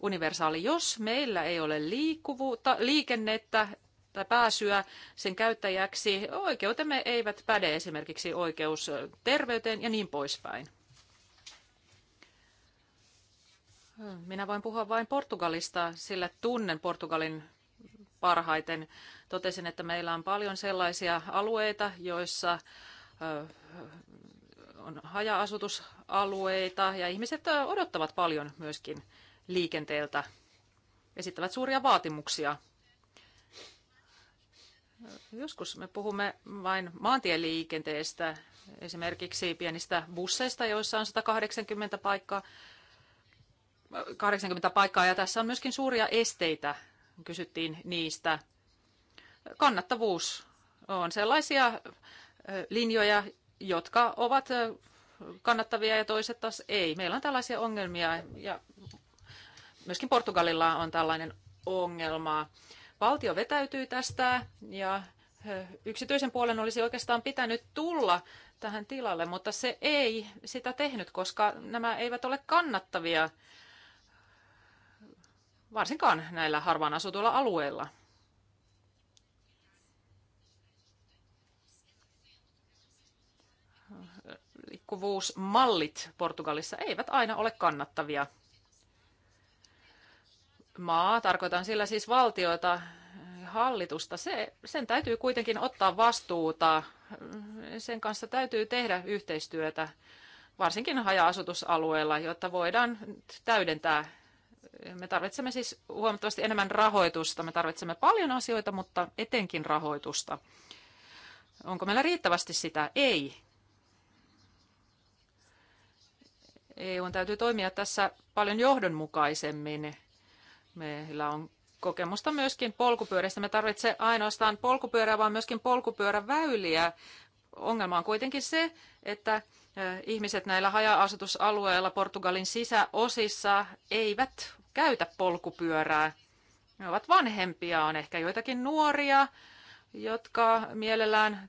Speaker 3: universaali. Jos meillä ei ole liikkuvuutta, liikennettä tai pääsyä sen käyttäjäksi, oikeutemme eivät päde esimerkiksi oikeus terveyteen ja niin poispäin. Minä voin puhua vain Portugalista, sillä tunnen Portugalin parhaiten. Totesin, että meillä on paljon sellaisia alueita, joissa on haja-asutusalueita ja ihmiset odottavat paljon myöskin liikenteeltä esittävät suuria vaatimuksia. Joskus me puhumme vain maantieliikenteestä, esimerkiksi pienistä busseista, joissa on 180 paikkaa, 80 paikkaa ja tässä on myöskin suuria esteitä, kysyttiin niistä. Kannattavuus on sellaisia linjoja, jotka ovat kannattavia ja toiset taas ei. Meillä on tällaisia ongelmia ja myöskin Portugalilla on tällainen ongelma. Valtio vetäytyy tästä ja yksityisen puolen olisi oikeastaan pitänyt tulla tähän tilalle, mutta se ei sitä tehnyt, koska nämä eivät ole kannattavia varsinkaan näillä harvaan asutuilla alueilla. Liikkuvuusmallit Portugalissa eivät aina ole kannattavia maa, tarkoitan sillä siis valtiota, hallitusta, se, sen täytyy kuitenkin ottaa vastuuta. Sen kanssa täytyy tehdä yhteistyötä, varsinkin haja-asutusalueella, jotta voidaan täydentää. Me tarvitsemme siis huomattavasti enemmän rahoitusta. Me tarvitsemme paljon asioita, mutta etenkin rahoitusta. Onko meillä riittävästi sitä? Ei. EU täytyy toimia tässä paljon johdonmukaisemmin Meillä on kokemusta myöskin polkupyöristä. Me tarvitsee ainoastaan polkupyörää, vaan myöskin polkupyöräväyliä. Ongelma on kuitenkin se, että ihmiset näillä haja-asutusalueilla Portugalin sisäosissa eivät käytä polkupyörää. Ne ovat vanhempia, on ehkä joitakin nuoria, jotka mielellään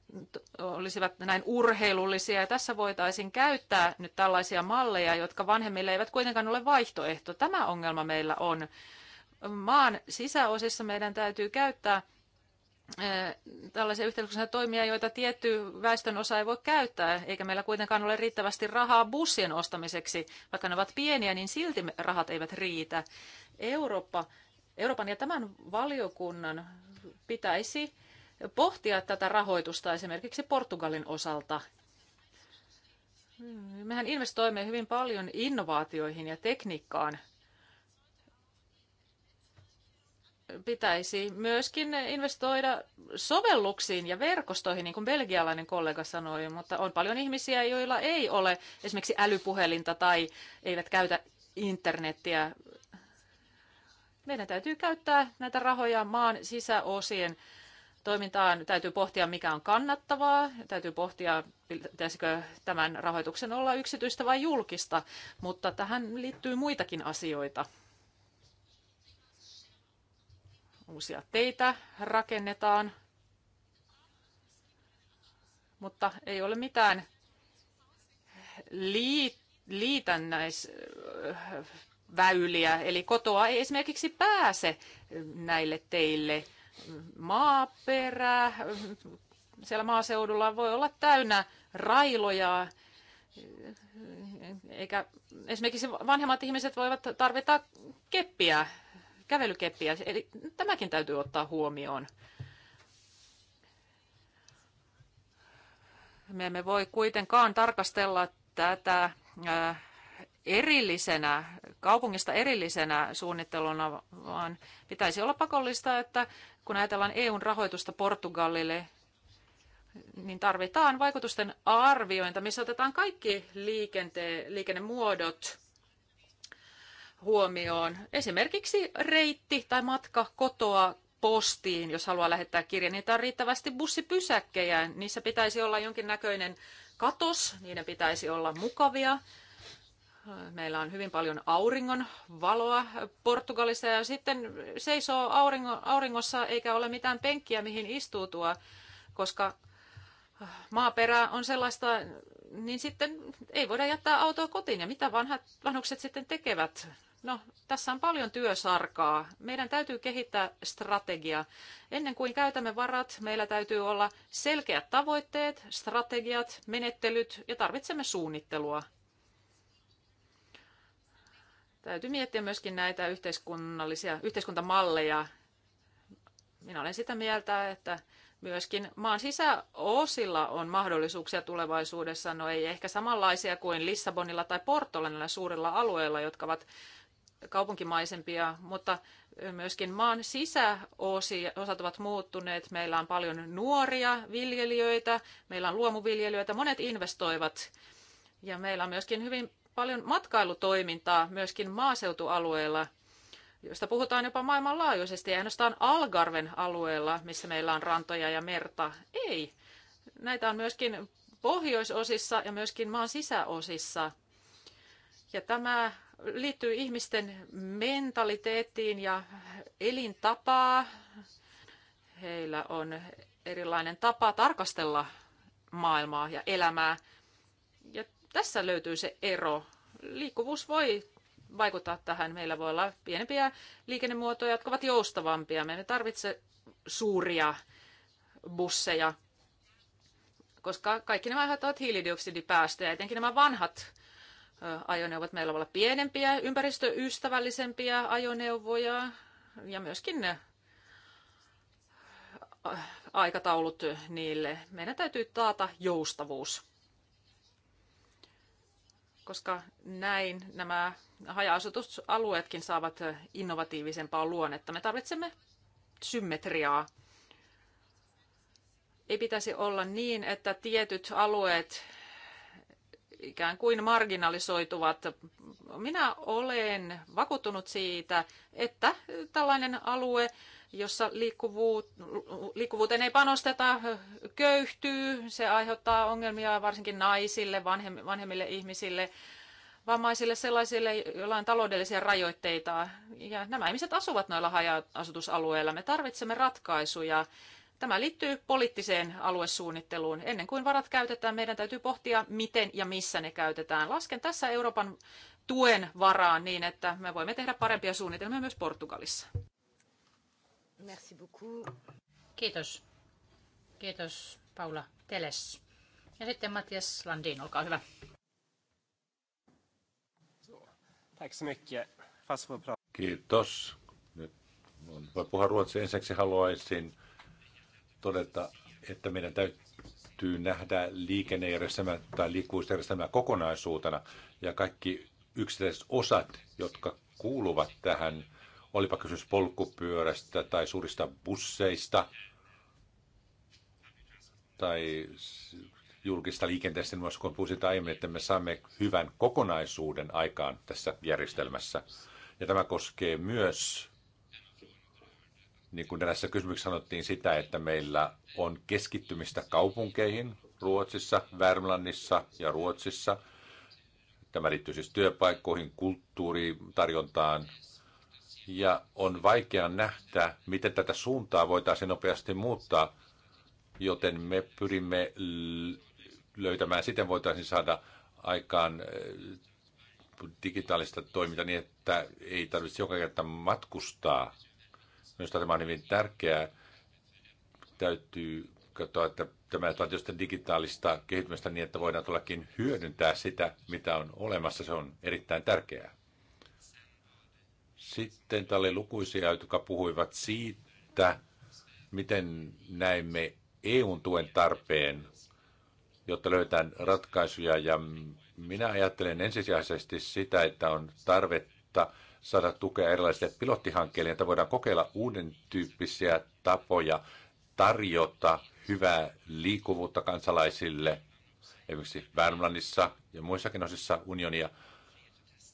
Speaker 3: olisivat näin urheilullisia. Ja tässä voitaisiin käyttää nyt tällaisia malleja, jotka vanhemmille eivät kuitenkaan ole vaihtoehto. Tämä ongelma meillä on maan sisäosissa meidän täytyy käyttää eh, tällaisia yhteiskunnallisia toimia, joita tietty väestön osa ei voi käyttää, eikä meillä kuitenkaan ole riittävästi rahaa bussien ostamiseksi. Vaikka ne ovat pieniä, niin silti rahat eivät riitä. Eurooppa, Euroopan ja tämän valiokunnan pitäisi pohtia tätä rahoitusta esimerkiksi Portugalin osalta. Mehän investoimme hyvin paljon innovaatioihin ja tekniikkaan pitäisi myöskin investoida sovelluksiin ja verkostoihin, niin kuin belgialainen kollega sanoi, mutta on paljon ihmisiä, joilla ei ole esimerkiksi älypuhelinta tai eivät käytä internettiä. Meidän täytyy käyttää näitä rahoja maan sisäosien toimintaan. Täytyy pohtia, mikä on kannattavaa. Täytyy pohtia, pitäisikö tämän rahoituksen olla yksityistä vai julkista. Mutta tähän liittyy muitakin asioita uusia teitä rakennetaan, mutta ei ole mitään liitännäisväyliä, eli kotoa ei esimerkiksi pääse näille teille. maaperää. siellä maaseudulla voi olla täynnä railoja, eikä esimerkiksi vanhemmat ihmiset voivat tarvita keppiä kävelykeppiä. Eli tämäkin täytyy ottaa huomioon. Me emme voi kuitenkaan tarkastella tätä äh, erillisenä, kaupungista erillisenä suunnitteluna, vaan pitäisi olla pakollista, että kun ajatellaan EUn rahoitusta Portugalille, niin tarvitaan vaikutusten arviointa, missä otetaan kaikki liikente, liikennemuodot huomioon. Esimerkiksi reitti tai matka kotoa postiin, jos haluaa lähettää kirjan, niin on riittävästi bussipysäkkejä. Niissä pitäisi olla jonkinnäköinen katos, niiden pitäisi olla mukavia. Meillä on hyvin paljon auringon valoa Portugalissa ja sitten seisoo auringossa eikä ole mitään penkkiä, mihin istuutua, koska Maaperä on sellaista, niin sitten ei voida jättää autoa kotiin. Ja mitä vanhat, vanhukset sitten tekevät? No, tässä on paljon työsarkaa. Meidän täytyy kehittää strategia. Ennen kuin käytämme varat, meillä täytyy olla selkeät tavoitteet, strategiat, menettelyt ja tarvitsemme suunnittelua. Täytyy miettiä myöskin näitä yhteiskunnallisia, yhteiskuntamalleja. Minä olen sitä mieltä, että myöskin maan sisäosilla on mahdollisuuksia tulevaisuudessa, no ei ehkä samanlaisia kuin Lissabonilla tai Portolla näillä suurilla alueilla, jotka ovat kaupunkimaisempia, mutta myöskin maan sisäosat ovat muuttuneet. Meillä on paljon nuoria viljelijöitä, meillä on luomuviljelijöitä, monet investoivat ja meillä on myöskin hyvin paljon matkailutoimintaa myöskin maaseutualueilla – josta puhutaan jopa maailmanlaajuisesti, ja ainoastaan Algarven alueella, missä meillä on rantoja ja merta. Ei. Näitä on myöskin pohjoisosissa ja myöskin maan sisäosissa. Ja tämä liittyy ihmisten mentaliteettiin ja elintapaa. Heillä on erilainen tapa tarkastella maailmaa ja elämää. Ja tässä löytyy se ero. Liikkuvuus voi vaikuttaa tähän. Meillä voi olla pienempiä liikennemuotoja, jotka ovat joustavampia. Me emme tarvitse suuria busseja, koska kaikki nämä aiheuttavat hiilidioksidipäästöjä. Etenkin nämä vanhat ajoneuvot meillä voi olla pienempiä, ympäristöystävällisempiä ajoneuvoja ja myöskin ne aikataulut niille. Meidän täytyy taata joustavuus koska näin nämä haja-asutusalueetkin saavat innovatiivisempaa luonnetta. Me tarvitsemme symmetriaa. Ei pitäisi olla niin, että tietyt alueet ikään kuin marginalisoituvat. Minä olen vakuuttunut siitä, että tällainen alue jossa liikkuvuuteen ei panosteta, köyhtyy, se aiheuttaa ongelmia varsinkin naisille, vanhemmille ihmisille, vammaisille sellaisille, joilla on taloudellisia rajoitteita. Ja nämä ihmiset asuvat noilla haja-asutusalueilla. Me tarvitsemme ratkaisuja. Tämä liittyy poliittiseen aluesuunnitteluun. Ennen kuin varat käytetään, meidän täytyy pohtia, miten ja missä ne käytetään. Lasken tässä Euroopan tuen varaan niin, että me voimme tehdä parempia suunnitelmia myös Portugalissa.
Speaker 2: Merci beaucoup. Kiitos. Kiitos Paula Teles. Ja sitten Mattias Landin, olkaa hyvä.
Speaker 1: Kiitos. Nyt voi puhua ruotsia. Ensiksi haluaisin todeta, että meidän täytyy nähdä liikennejärjestelmä tai liikkuvuusjärjestelmä kokonaisuutena ja kaikki yksittäiset osat, jotka kuuluvat tähän olipa kysymys polkupyörästä tai suurista busseista tai julkista liikenteestä, niin kun puhuisin aiemmin, että me saamme hyvän kokonaisuuden aikaan tässä järjestelmässä. Ja tämä koskee myös, niin kuin tässä kysymyksessä sanottiin, sitä, että meillä on keskittymistä kaupunkeihin Ruotsissa, Värmlannissa ja Ruotsissa. Tämä liittyy siis työpaikkoihin, kulttuuritarjontaan, ja on vaikea nähdä, miten tätä suuntaa voitaisiin nopeasti muuttaa, joten me pyrimme löytämään, siten voitaisiin saada aikaan äh, digitaalista toimintaa niin, että ei tarvitse joka kerta matkustaa. Minusta tämä on hyvin tärkeää. Täytyy katsoa, että tämä on tietysti digitaalista kehittymistä niin, että voidaan tullakin hyödyntää sitä, mitä on olemassa. Se on erittäin tärkeää. Sitten täällä oli lukuisia, jotka puhuivat siitä, miten näemme EUn tuen tarpeen, jotta löytää ratkaisuja. Ja minä ajattelen ensisijaisesti sitä, että on tarvetta saada tukea erilaisille pilottihankkeille, että voidaan kokeilla uuden tyyppisiä tapoja tarjota hyvää liikkuvuutta kansalaisille, esimerkiksi Värmlannissa ja muissakin osissa unionia,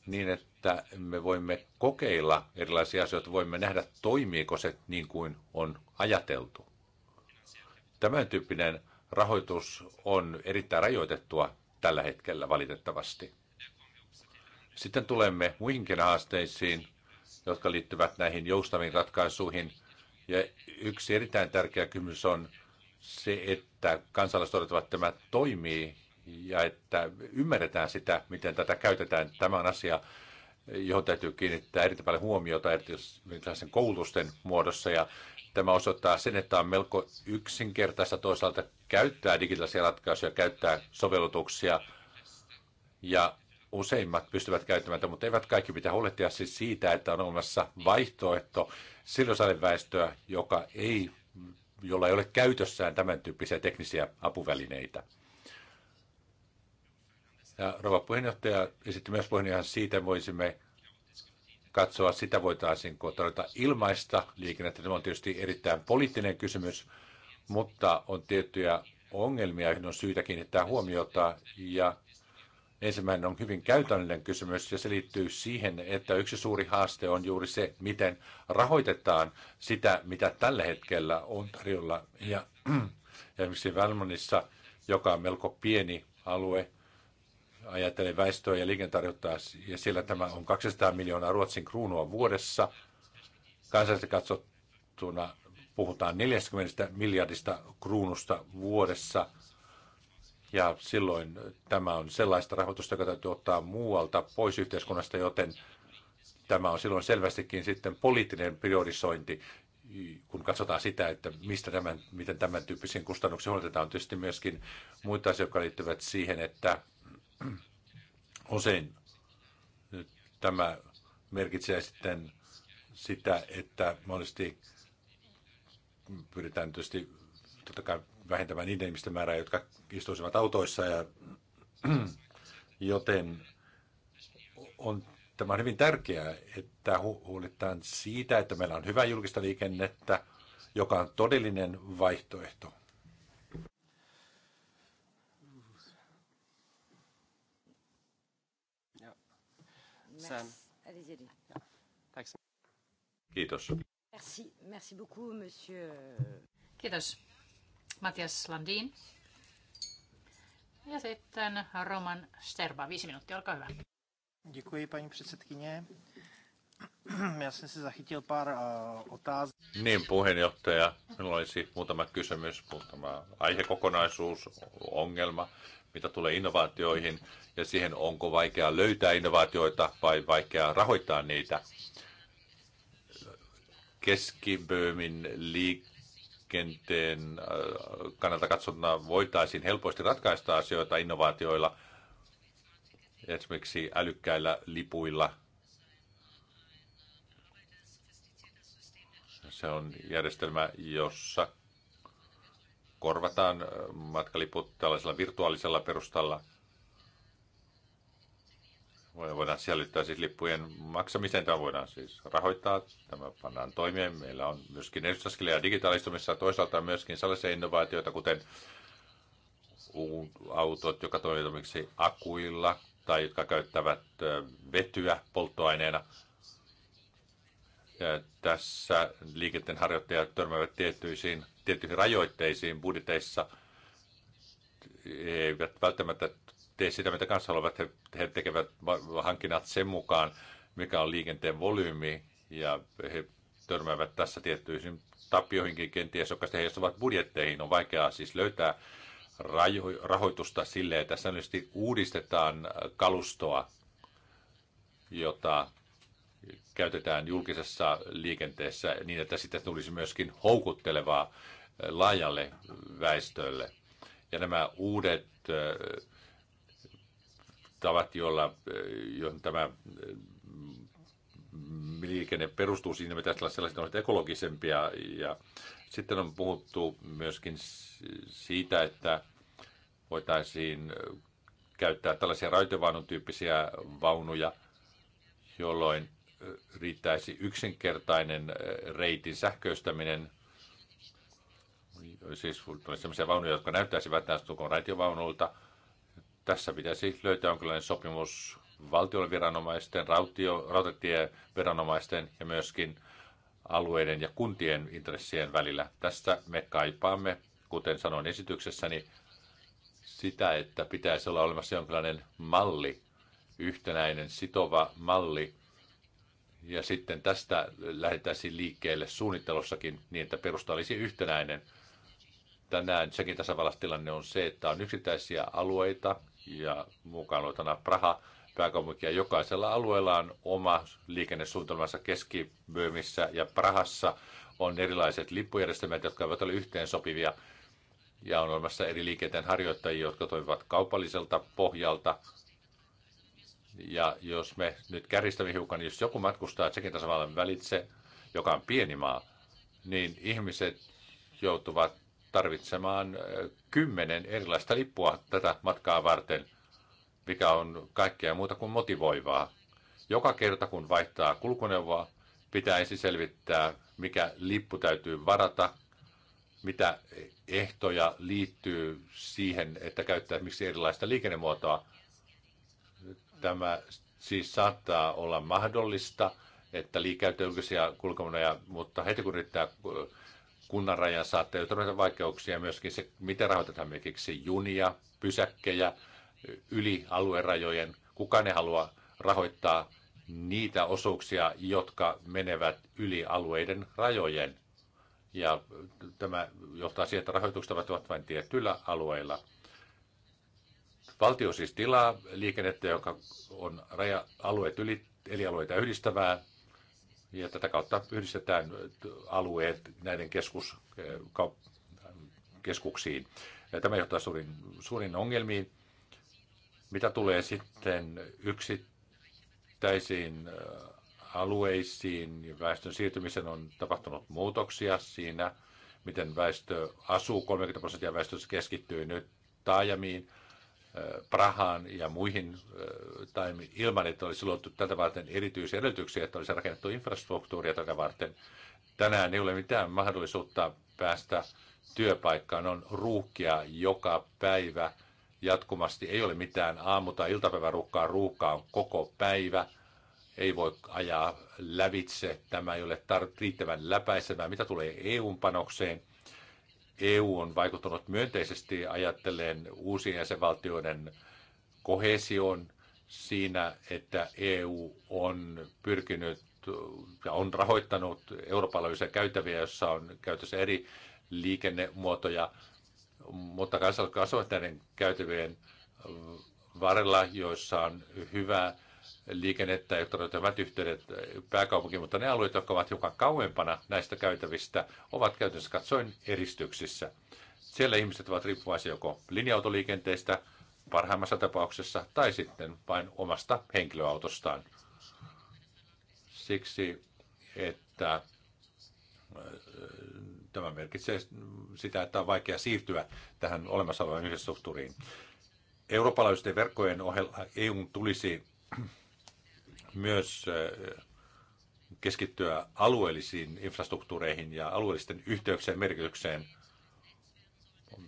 Speaker 1: niin että että me voimme kokeilla erilaisia asioita, voimme nähdä toimiiko se niin kuin on ajateltu. Tämän tyyppinen rahoitus on erittäin rajoitettua tällä hetkellä valitettavasti. Sitten tulemme muihinkin haasteisiin, jotka liittyvät näihin joustaviin ratkaisuihin. Ja yksi erittäin tärkeä kysymys on se, että kansalaiset odotavat, että tämä toimii ja että ymmärretään sitä, miten tätä käytetään. Tämä on asia, johon täytyy kiinnittää erittäin paljon huomiota tällaisen koulutusten muodossa. Ja tämä osoittaa sen, että on melko yksinkertaista toisaalta käyttää digitaalisia ratkaisuja, käyttää sovellutuksia ja useimmat pystyvät käyttämään, mutta eivät kaikki pitää huolehtia siis siitä, että on olemassa vaihtoehto silloin väestöä, joka ei, jolla ei ole käytössään tämän tyyppisiä teknisiä apuvälineitä. Ja rouva puheenjohtaja esitti myös puheenjohtajan siitä, voisimme katsoa sitä, voitaisiinko tarjota ilmaista liikennettä. Tämä on tietysti erittäin poliittinen kysymys, mutta on tiettyjä ongelmia, joihin on syytä kiinnittää huomiota. Ja ensimmäinen on hyvin käytännöllinen kysymys, ja se liittyy siihen, että yksi suuri haaste on juuri se, miten rahoitetaan sitä, mitä tällä hetkellä on tarjolla. Ja, ja esimerkiksi Välmanissa, joka on melko pieni alue, ajattelen väestöä ja liikentarjottaa, ja siellä tämä on 200 miljoonaa Ruotsin kruunua vuodessa. Kansallisesti katsottuna puhutaan 40 miljardista kruunusta vuodessa, ja silloin tämä on sellaista rahoitusta, joka täytyy ottaa muualta pois yhteiskunnasta, joten tämä on silloin selvästikin sitten poliittinen priorisointi, kun katsotaan sitä, että mistä tämän, miten tämän tyyppisiin kustannuksiin huolehditaan, on tietysti myöskin muita asioita, jotka liittyvät siihen, että Usein tämä merkitsee sitten sitä, että monesti pyritään tietysti totta kai vähentämään niiden ihmisten määrää, jotka istuisivat autoissa. Ja, <clears throat> joten on, tämä on hyvin tärkeää, että huolehditaan siitä, että meillä on hyvä julkista liikennettä, joka on todellinen vaihtoehto
Speaker 3: sen. Tack så
Speaker 1: Kiitos.
Speaker 2: Merci, merci beaucoup, monsieur. Euh, Kiitos, Matias Landin. Ja sitten Roman Sterba, viisi minuuttia, olkaa hyvä.
Speaker 3: Děkuji, paní předsedkyně.
Speaker 1: <clears throat> Já jsem si zachytil pár uh, otázek. Niin, puheenjohtaja. Minulla olisi muutama kysymys, muutama aihekokonaisuus, ongelma mitä tulee innovaatioihin ja siihen, onko vaikea löytää innovaatioita vai vaikea rahoittaa niitä. Keskiböömin liikenteen äh, kannalta katsottuna voitaisiin helposti ratkaista asioita innovaatioilla, esimerkiksi älykkäillä lipuilla. Se on järjestelmä, jossa korvataan äh, matkaliput tällaisella virtuaalisella perustalla. Voidaan sisällyttää siis lippujen maksamiseen, tämä voidaan siis rahoittaa, tämä pannaan toimeen. Meillä on myöskin edistysaskelia digitaalistumissa, toisaalta myöskin sellaisia innovaatioita, kuten autot, toimivat esimerkiksi akuilla tai jotka käyttävät äh, vetyä polttoaineena – tässä liikenteen harjoittajat törmäävät tiettyisiin, tiettyihin rajoitteisiin budjeteissa, he eivät välttämättä tee sitä, mitä kanssa haluavat. He, he tekevät hankinnat sen mukaan, mikä on liikenteen volyymi, ja he törmäävät tässä tiettyihin tapioihinkin kenties, jotka sitten heijastuvat budjetteihin. On vaikeaa siis löytää rajo- rahoitusta sille, että säännöllisesti uudistetaan kalustoa, jota käytetään julkisessa liikenteessä niin, että sitä tulisi myöskin houkuttelevaa laajalle väestölle. Ja nämä uudet tavat, joilla, joihin tämä liikenne perustuu, siinä pitäisi olla sellaiset ovat ekologisempia. Ja sitten on puhuttu myöskin siitä, että voitaisiin käyttää tällaisia raitevaunun tyyppisiä vaunuja, jolloin riittäisi yksinkertainen äh, reitin sähköistäminen, siis tulisi sellaisia vaunuja, jotka näyttäisivät näistä Tukon raitiovaunulta. Tässä pitäisi löytää jonkinlainen sopimus valtion viranomaisten, rautio, rautatieviranomaisten ja myöskin alueiden ja kuntien intressien välillä. Tästä me kaipaamme, kuten sanoin esityksessäni, sitä, että pitäisi olla olemassa jonkinlainen malli, yhtenäinen sitova malli, ja sitten tästä lähdettäisiin liikkeelle suunnittelussakin niin, että perusta olisi yhtenäinen. Tänään sekin tasavallassa tilanne on se, että on yksittäisiä alueita ja mukaan luotana Praha, pääkaupunkia. jokaisella alueella on oma liikennesuunnitelmansa keski ja Prahassa on erilaiset lippujärjestelmät, jotka eivät ole yhteen sopivia, ja on olemassa eri liikenteen harjoittajia, jotka toimivat kaupalliselta pohjalta, ja jos me nyt kärjistämme hiukan, niin jos joku matkustaa Tsekin tasavallan välitse, joka on pieni maa, niin ihmiset joutuvat tarvitsemaan kymmenen erilaista lippua tätä matkaa varten, mikä on kaikkea muuta kuin motivoivaa. Joka kerta kun vaihtaa kulkuneuvoa, pitäisi selvittää, mikä lippu täytyy varata, mitä ehtoja liittyy siihen, että käyttää miksi erilaista liikennemuotoa. Tämä siis saattaa olla mahdollista, että liikäytyy julkisia mutta heti kun riittää kunnan rajan saattaa joutua vaikeuksia myöskin se, miten rahoitetaan esimerkiksi junia, pysäkkejä yli aluerajojen. Kukaan ei halua rahoittaa niitä osuuksia, jotka menevät yli alueiden rajojen. Ja tämä johtaa siihen, että rahoitukset ovat vain tietyillä alueilla – Valtio siis tilaa liikennettä, joka on raja-alueet yli, eli alueita yhdistävää, ja tätä kautta yhdistetään alueet näiden keskus, keskuksiin. Ja tämä johtaa suurin, suurin ongelmiin. Mitä tulee sitten yksittäisiin äh, alueisiin, niin väestön siirtymisen on tapahtunut muutoksia siinä, miten väestö asuu. 30 prosenttia väestöstä keskittyy nyt taajamiin. Prahaan ja muihin, tai ilman, että olisi luotu tätä varten erityisiä edellytyksiä, että olisi rakennettu infrastruktuuria tätä varten. Tänään ei ole mitään mahdollisuutta päästä työpaikkaan. On ruuhkia joka päivä jatkuvasti. Ei ole mitään aamu- tai iltapäiväruuhkaa. Ruuhkaa on koko päivä. Ei voi ajaa lävitse. Tämä ei ole tar- riittävän läpäisevää. Mitä tulee EU-panokseen – EU on vaikuttanut myönteisesti ajattelen uusien jäsenvaltioiden kohesioon siinä, että EU on pyrkinyt ja on rahoittanut eurooppalaisia käytäviä, joissa on käytössä eri liikennemuotoja, mutta kansalaisten käytävien varrella, joissa on hyvä liikennettä, jotta löytävät yhteydet pääkaupunkiin, mutta ne alueet, jotka ovat hiukan kauempana näistä käytävistä, ovat käytännössä katsoen eristyksissä. Siellä ihmiset ovat riippuvaisia joko linja-autoliikenteestä parhaimmassa tapauksessa tai sitten vain omasta henkilöautostaan. Siksi, että äh, tämä merkitsee sitä, että on vaikea siirtyä tähän olemassa olevaan yhdessä Eurooppalaisten verkkojen ohella EUn tulisi myös eh, keskittyä alueellisiin infrastruktuureihin ja alueellisten yhteyksien merkitykseen.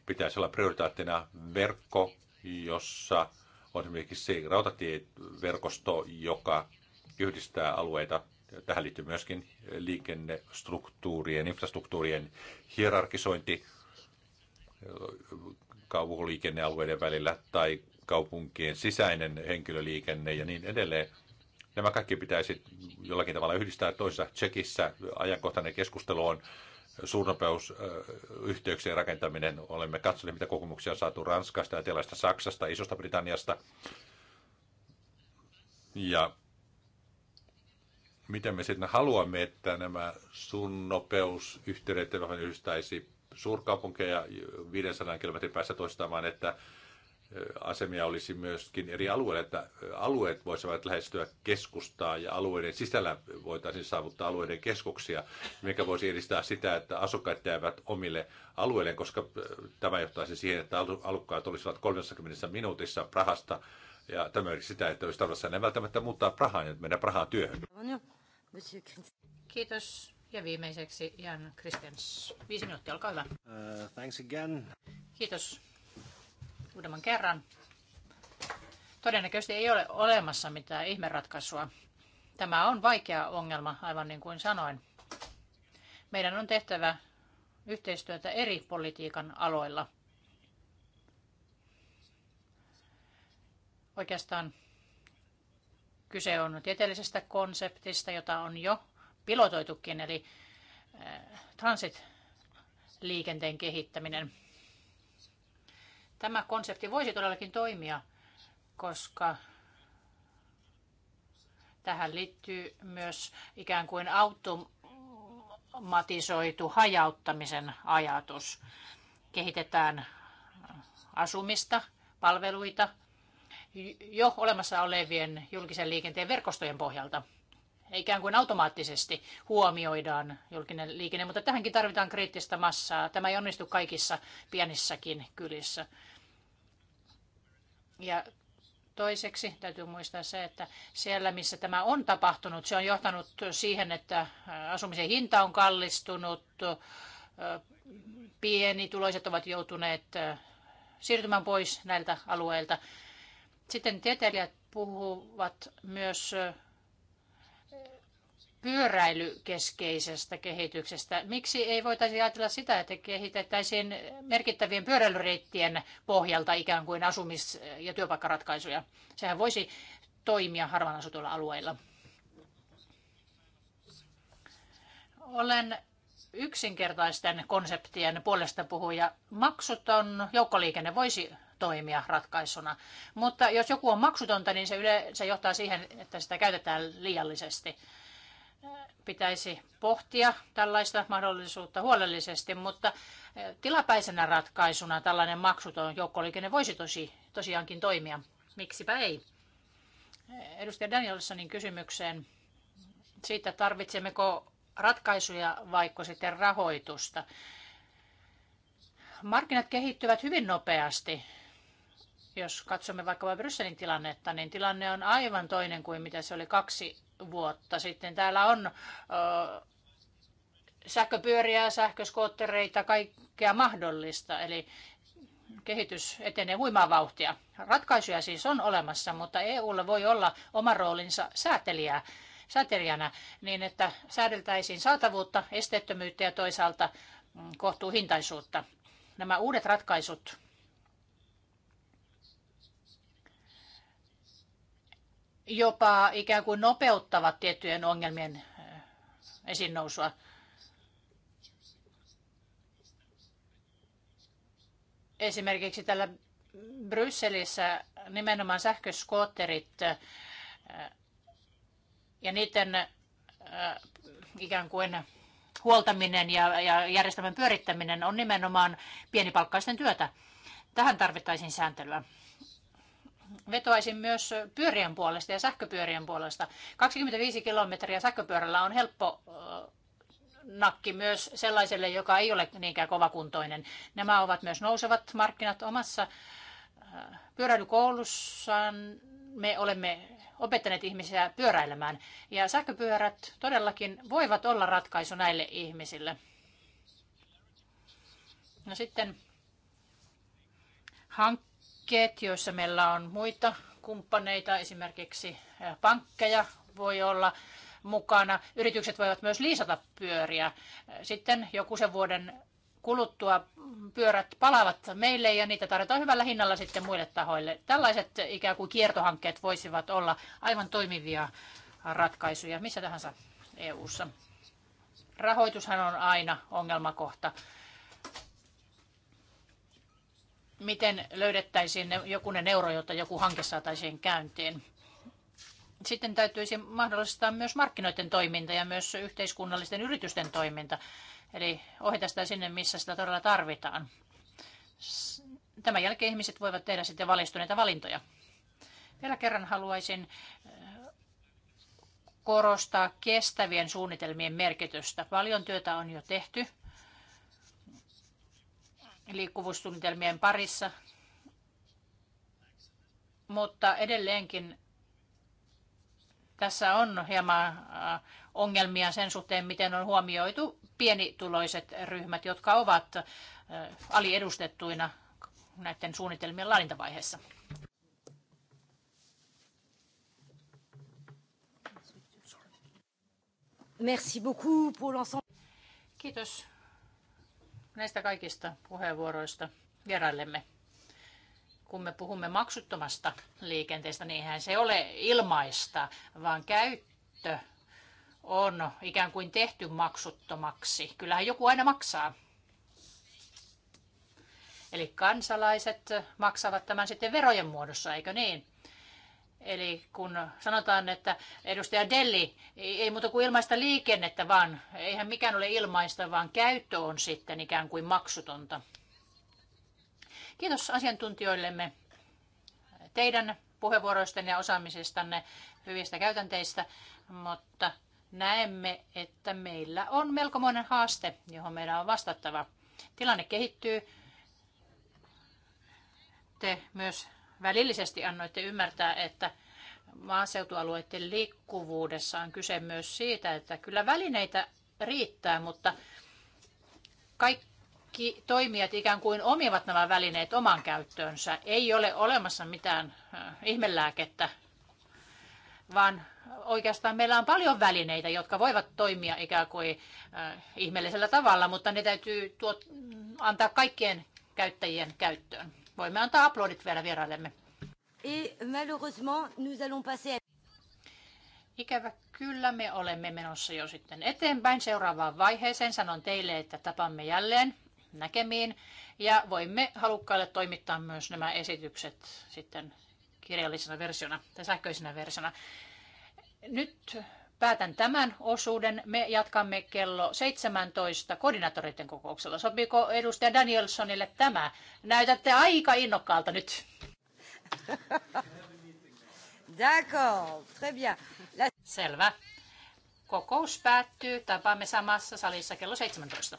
Speaker 1: Pitäisi olla prioriteettina verkko, jossa on esimerkiksi rautatieverkosto, joka yhdistää alueita. Tähän liittyy myöskin liikennestruktuurien, infrastruktuurien hierarkisointi kaupunkiliikennealueiden välillä tai kaupunkien sisäinen henkilöliikenne ja niin edelleen. Nämä kaikki pitäisi jollakin tavalla yhdistää Toisessa Tsekissä. Ajankohtainen keskustelu on suurnopeusyhteyksien rakentaminen. Olemme katsoneet, mitä kokemuksia on saatu Ranskasta, Etelästä, Saksasta, Isosta Britanniasta. Ja miten me sitten haluamme, että nämä suurnopeusyhteydet yhdistäisi suurkaupunkeja 500 kilometrin päässä toistaan, vaan että asemia olisi myöskin eri alueilla, että alueet voisivat lähestyä keskustaa ja alueiden sisällä voitaisiin saavuttaa alueiden keskuksia, mikä voisi edistää sitä, että asukkaat jäävät omille alueille, koska tämä johtaisi siihen, että alukkaat olisivat 30 minuutissa Prahasta ja tämä olisi sitä, että olisi tarvitsen enää välttämättä muuttaa Prahaan ja mennä Prahaan työhön.
Speaker 2: Kiitos. Ja viimeiseksi Jan Kristens. Viisi minuuttia, olkaa hyvä. Uh, thanks again. Kiitos uudemman kerran. Todennäköisesti ei ole olemassa mitään ihmeratkaisua. Tämä on vaikea ongelma, aivan niin kuin sanoin. Meidän on tehtävä yhteistyötä eri politiikan aloilla. Oikeastaan kyse on tieteellisestä konseptista, jota on jo pilotoitukin, eli eh, transit-liikenteen kehittäminen – Tämä konsepti voisi todellakin toimia, koska tähän liittyy myös ikään kuin automatisoitu hajauttamisen ajatus. Kehitetään asumista, palveluita jo olemassa olevien julkisen liikenteen verkostojen pohjalta – ikään kuin automaattisesti huomioidaan julkinen liikenne, mutta tähänkin tarvitaan kriittistä massaa. Tämä ei onnistu kaikissa pienissäkin kylissä. Ja toiseksi täytyy muistaa se, että siellä missä tämä on tapahtunut, se on johtanut siihen, että äh, asumisen hinta on kallistunut, äh, pienituloiset ovat joutuneet äh, siirtymään pois näiltä alueilta. Sitten tieteilijät puhuvat myös pyöräilykeskeisestä kehityksestä. Miksi ei voitaisi ajatella sitä, että kehitettäisiin merkittävien pyöräilyreittien pohjalta ikään kuin asumis- ja työpaikkaratkaisuja? Sehän voisi toimia harvaan asutuilla alueilla. Olen yksinkertaisten konseptien puolesta puhuja. Maksuton joukkoliikenne voisi toimia ratkaisuna. Mutta jos joku on maksutonta, niin se yleensä johtaa siihen, että sitä käytetään liiallisesti pitäisi pohtia tällaista mahdollisuutta huolellisesti, mutta eh, tilapäisenä ratkaisuna tällainen maksuton joukkoliikenne voisi tosi, tosiaankin toimia. Miksipä ei? Eh, edustaja Danielsonin kysymykseen siitä, tarvitsemmeko ratkaisuja vaikka sitten rahoitusta. Markkinat kehittyvät hyvin nopeasti jos katsomme vaikkapa Brysselin tilannetta, niin tilanne on aivan toinen kuin mitä se oli kaksi vuotta sitten. Täällä on ö, sähköpyöriä, sähköskoottereita, kaikkea mahdollista. Eli kehitys etenee huimaa vauhtia. Ratkaisuja siis on olemassa, mutta EUlla voi olla oma roolinsa säätelijää, säätelijänä niin, että säädeltäisiin saatavuutta, esteettömyyttä ja toisaalta mm, kohtuuhintaisuutta. Nämä uudet ratkaisut jopa ikään kuin nopeuttavat tiettyjen ongelmien esiin nousua. Esimerkiksi täällä Brysselissä nimenomaan sähköskootterit ja niiden ikään kuin huoltaminen ja, ja järjestelmän pyörittäminen on nimenomaan pienipalkkaisten työtä. Tähän tarvittaisiin sääntelyä vetoaisin myös pyörien puolesta ja sähköpyörien puolesta. 25 kilometriä sähköpyörällä on helppo nakki myös sellaiselle, joka ei ole niinkään kovakuntoinen. Nämä ovat myös nousevat markkinat omassa pyöräilykoulussaan. Me olemme opettaneet ihmisiä pyöräilemään ja sähköpyörät todellakin voivat olla ratkaisu näille ihmisille. No sitten hank joissa meillä on muita kumppaneita, esimerkiksi pankkeja voi olla mukana. Yritykset voivat myös liisata pyöriä. Sitten joku sen vuoden kuluttua pyörät palaavat meille ja niitä tarjotaan hyvällä hinnalla sitten muille tahoille. Tällaiset ikään kuin kiertohankkeet voisivat olla aivan toimivia ratkaisuja missä tahansa EU-ssa. Rahoitushan on aina ongelmakohta miten löydettäisiin jokunen euro, jotta joku hanke saataisiin käyntiin. Sitten täytyisi mahdollistaa myös markkinoiden toiminta ja myös yhteiskunnallisten yritysten toiminta. Eli ohjata sitä sinne, missä sitä todella tarvitaan. Tämän jälkeen ihmiset voivat tehdä sitten valistuneita valintoja. Vielä kerran haluaisin äh, korostaa kestävien suunnitelmien merkitystä. Paljon työtä on jo tehty liikkuvuussuunnitelmien parissa, mutta edelleenkin tässä on hieman äh, ongelmia sen suhteen, miten on huomioitu pienituloiset ryhmät, jotka ovat äh, aliedustettuina näiden suunnitelmien laadintavaiheessa. Merci beaucoup pour l'ensemble. Kiitos näistä kaikista puheenvuoroista vieraillemme. Kun me puhumme maksuttomasta liikenteestä, niin eihän se ole ilmaista, vaan käyttö on ikään kuin tehty maksuttomaksi. Kyllähän joku aina maksaa. Eli kansalaiset maksavat tämän sitten verojen muodossa, eikö niin? Eli kun sanotaan, että edustaja Delli, ei muuta kuin ilmaista liikennettä vaan, eihän mikään ole ilmaista, vaan käyttö on sitten ikään kuin maksutonta. Kiitos asiantuntijoillemme teidän puheenvuoroistanne ja osaamisestanne, hyvistä käytänteistä, mutta näemme, että meillä on melkomoinen haaste, johon meidän on vastattava. Tilanne kehittyy. Te myös välillisesti annoitte ymmärtää, että maaseutualueiden liikkuvuudessa on kyse myös siitä, että kyllä välineitä riittää, mutta kaikki toimijat ikään kuin omivat nämä välineet oman käyttöönsä. Ei ole olemassa mitään äh, ihmelääkettä, vaan oikeastaan meillä on paljon välineitä, jotka voivat toimia ikään kuin äh, ihmeellisellä tavalla, mutta ne täytyy tuot, antaa kaikkien käyttäjien käyttöön. Voimme antaa aplodit vielä vieraillemme. Et malheureusement, nous allons passer Ikävä kyllä me olemme menossa jo sitten eteenpäin seuraavaan vaiheeseen. Sanon teille, että tapamme jälleen näkemiin ja voimme halukkaille toimittaa myös nämä esitykset sitten kirjallisena versiona tai sähköisenä versiona. Nyt Päätän tämän osuuden. Me jatkamme kello 17 koordinaattoreiden kokouksella. Sopiiko edustaja Danielsonille tämä? Näytätte aika innokkaalta nyt. <laughs> Selvä. Kokous päättyy. Tapaamme samassa salissa kello 17.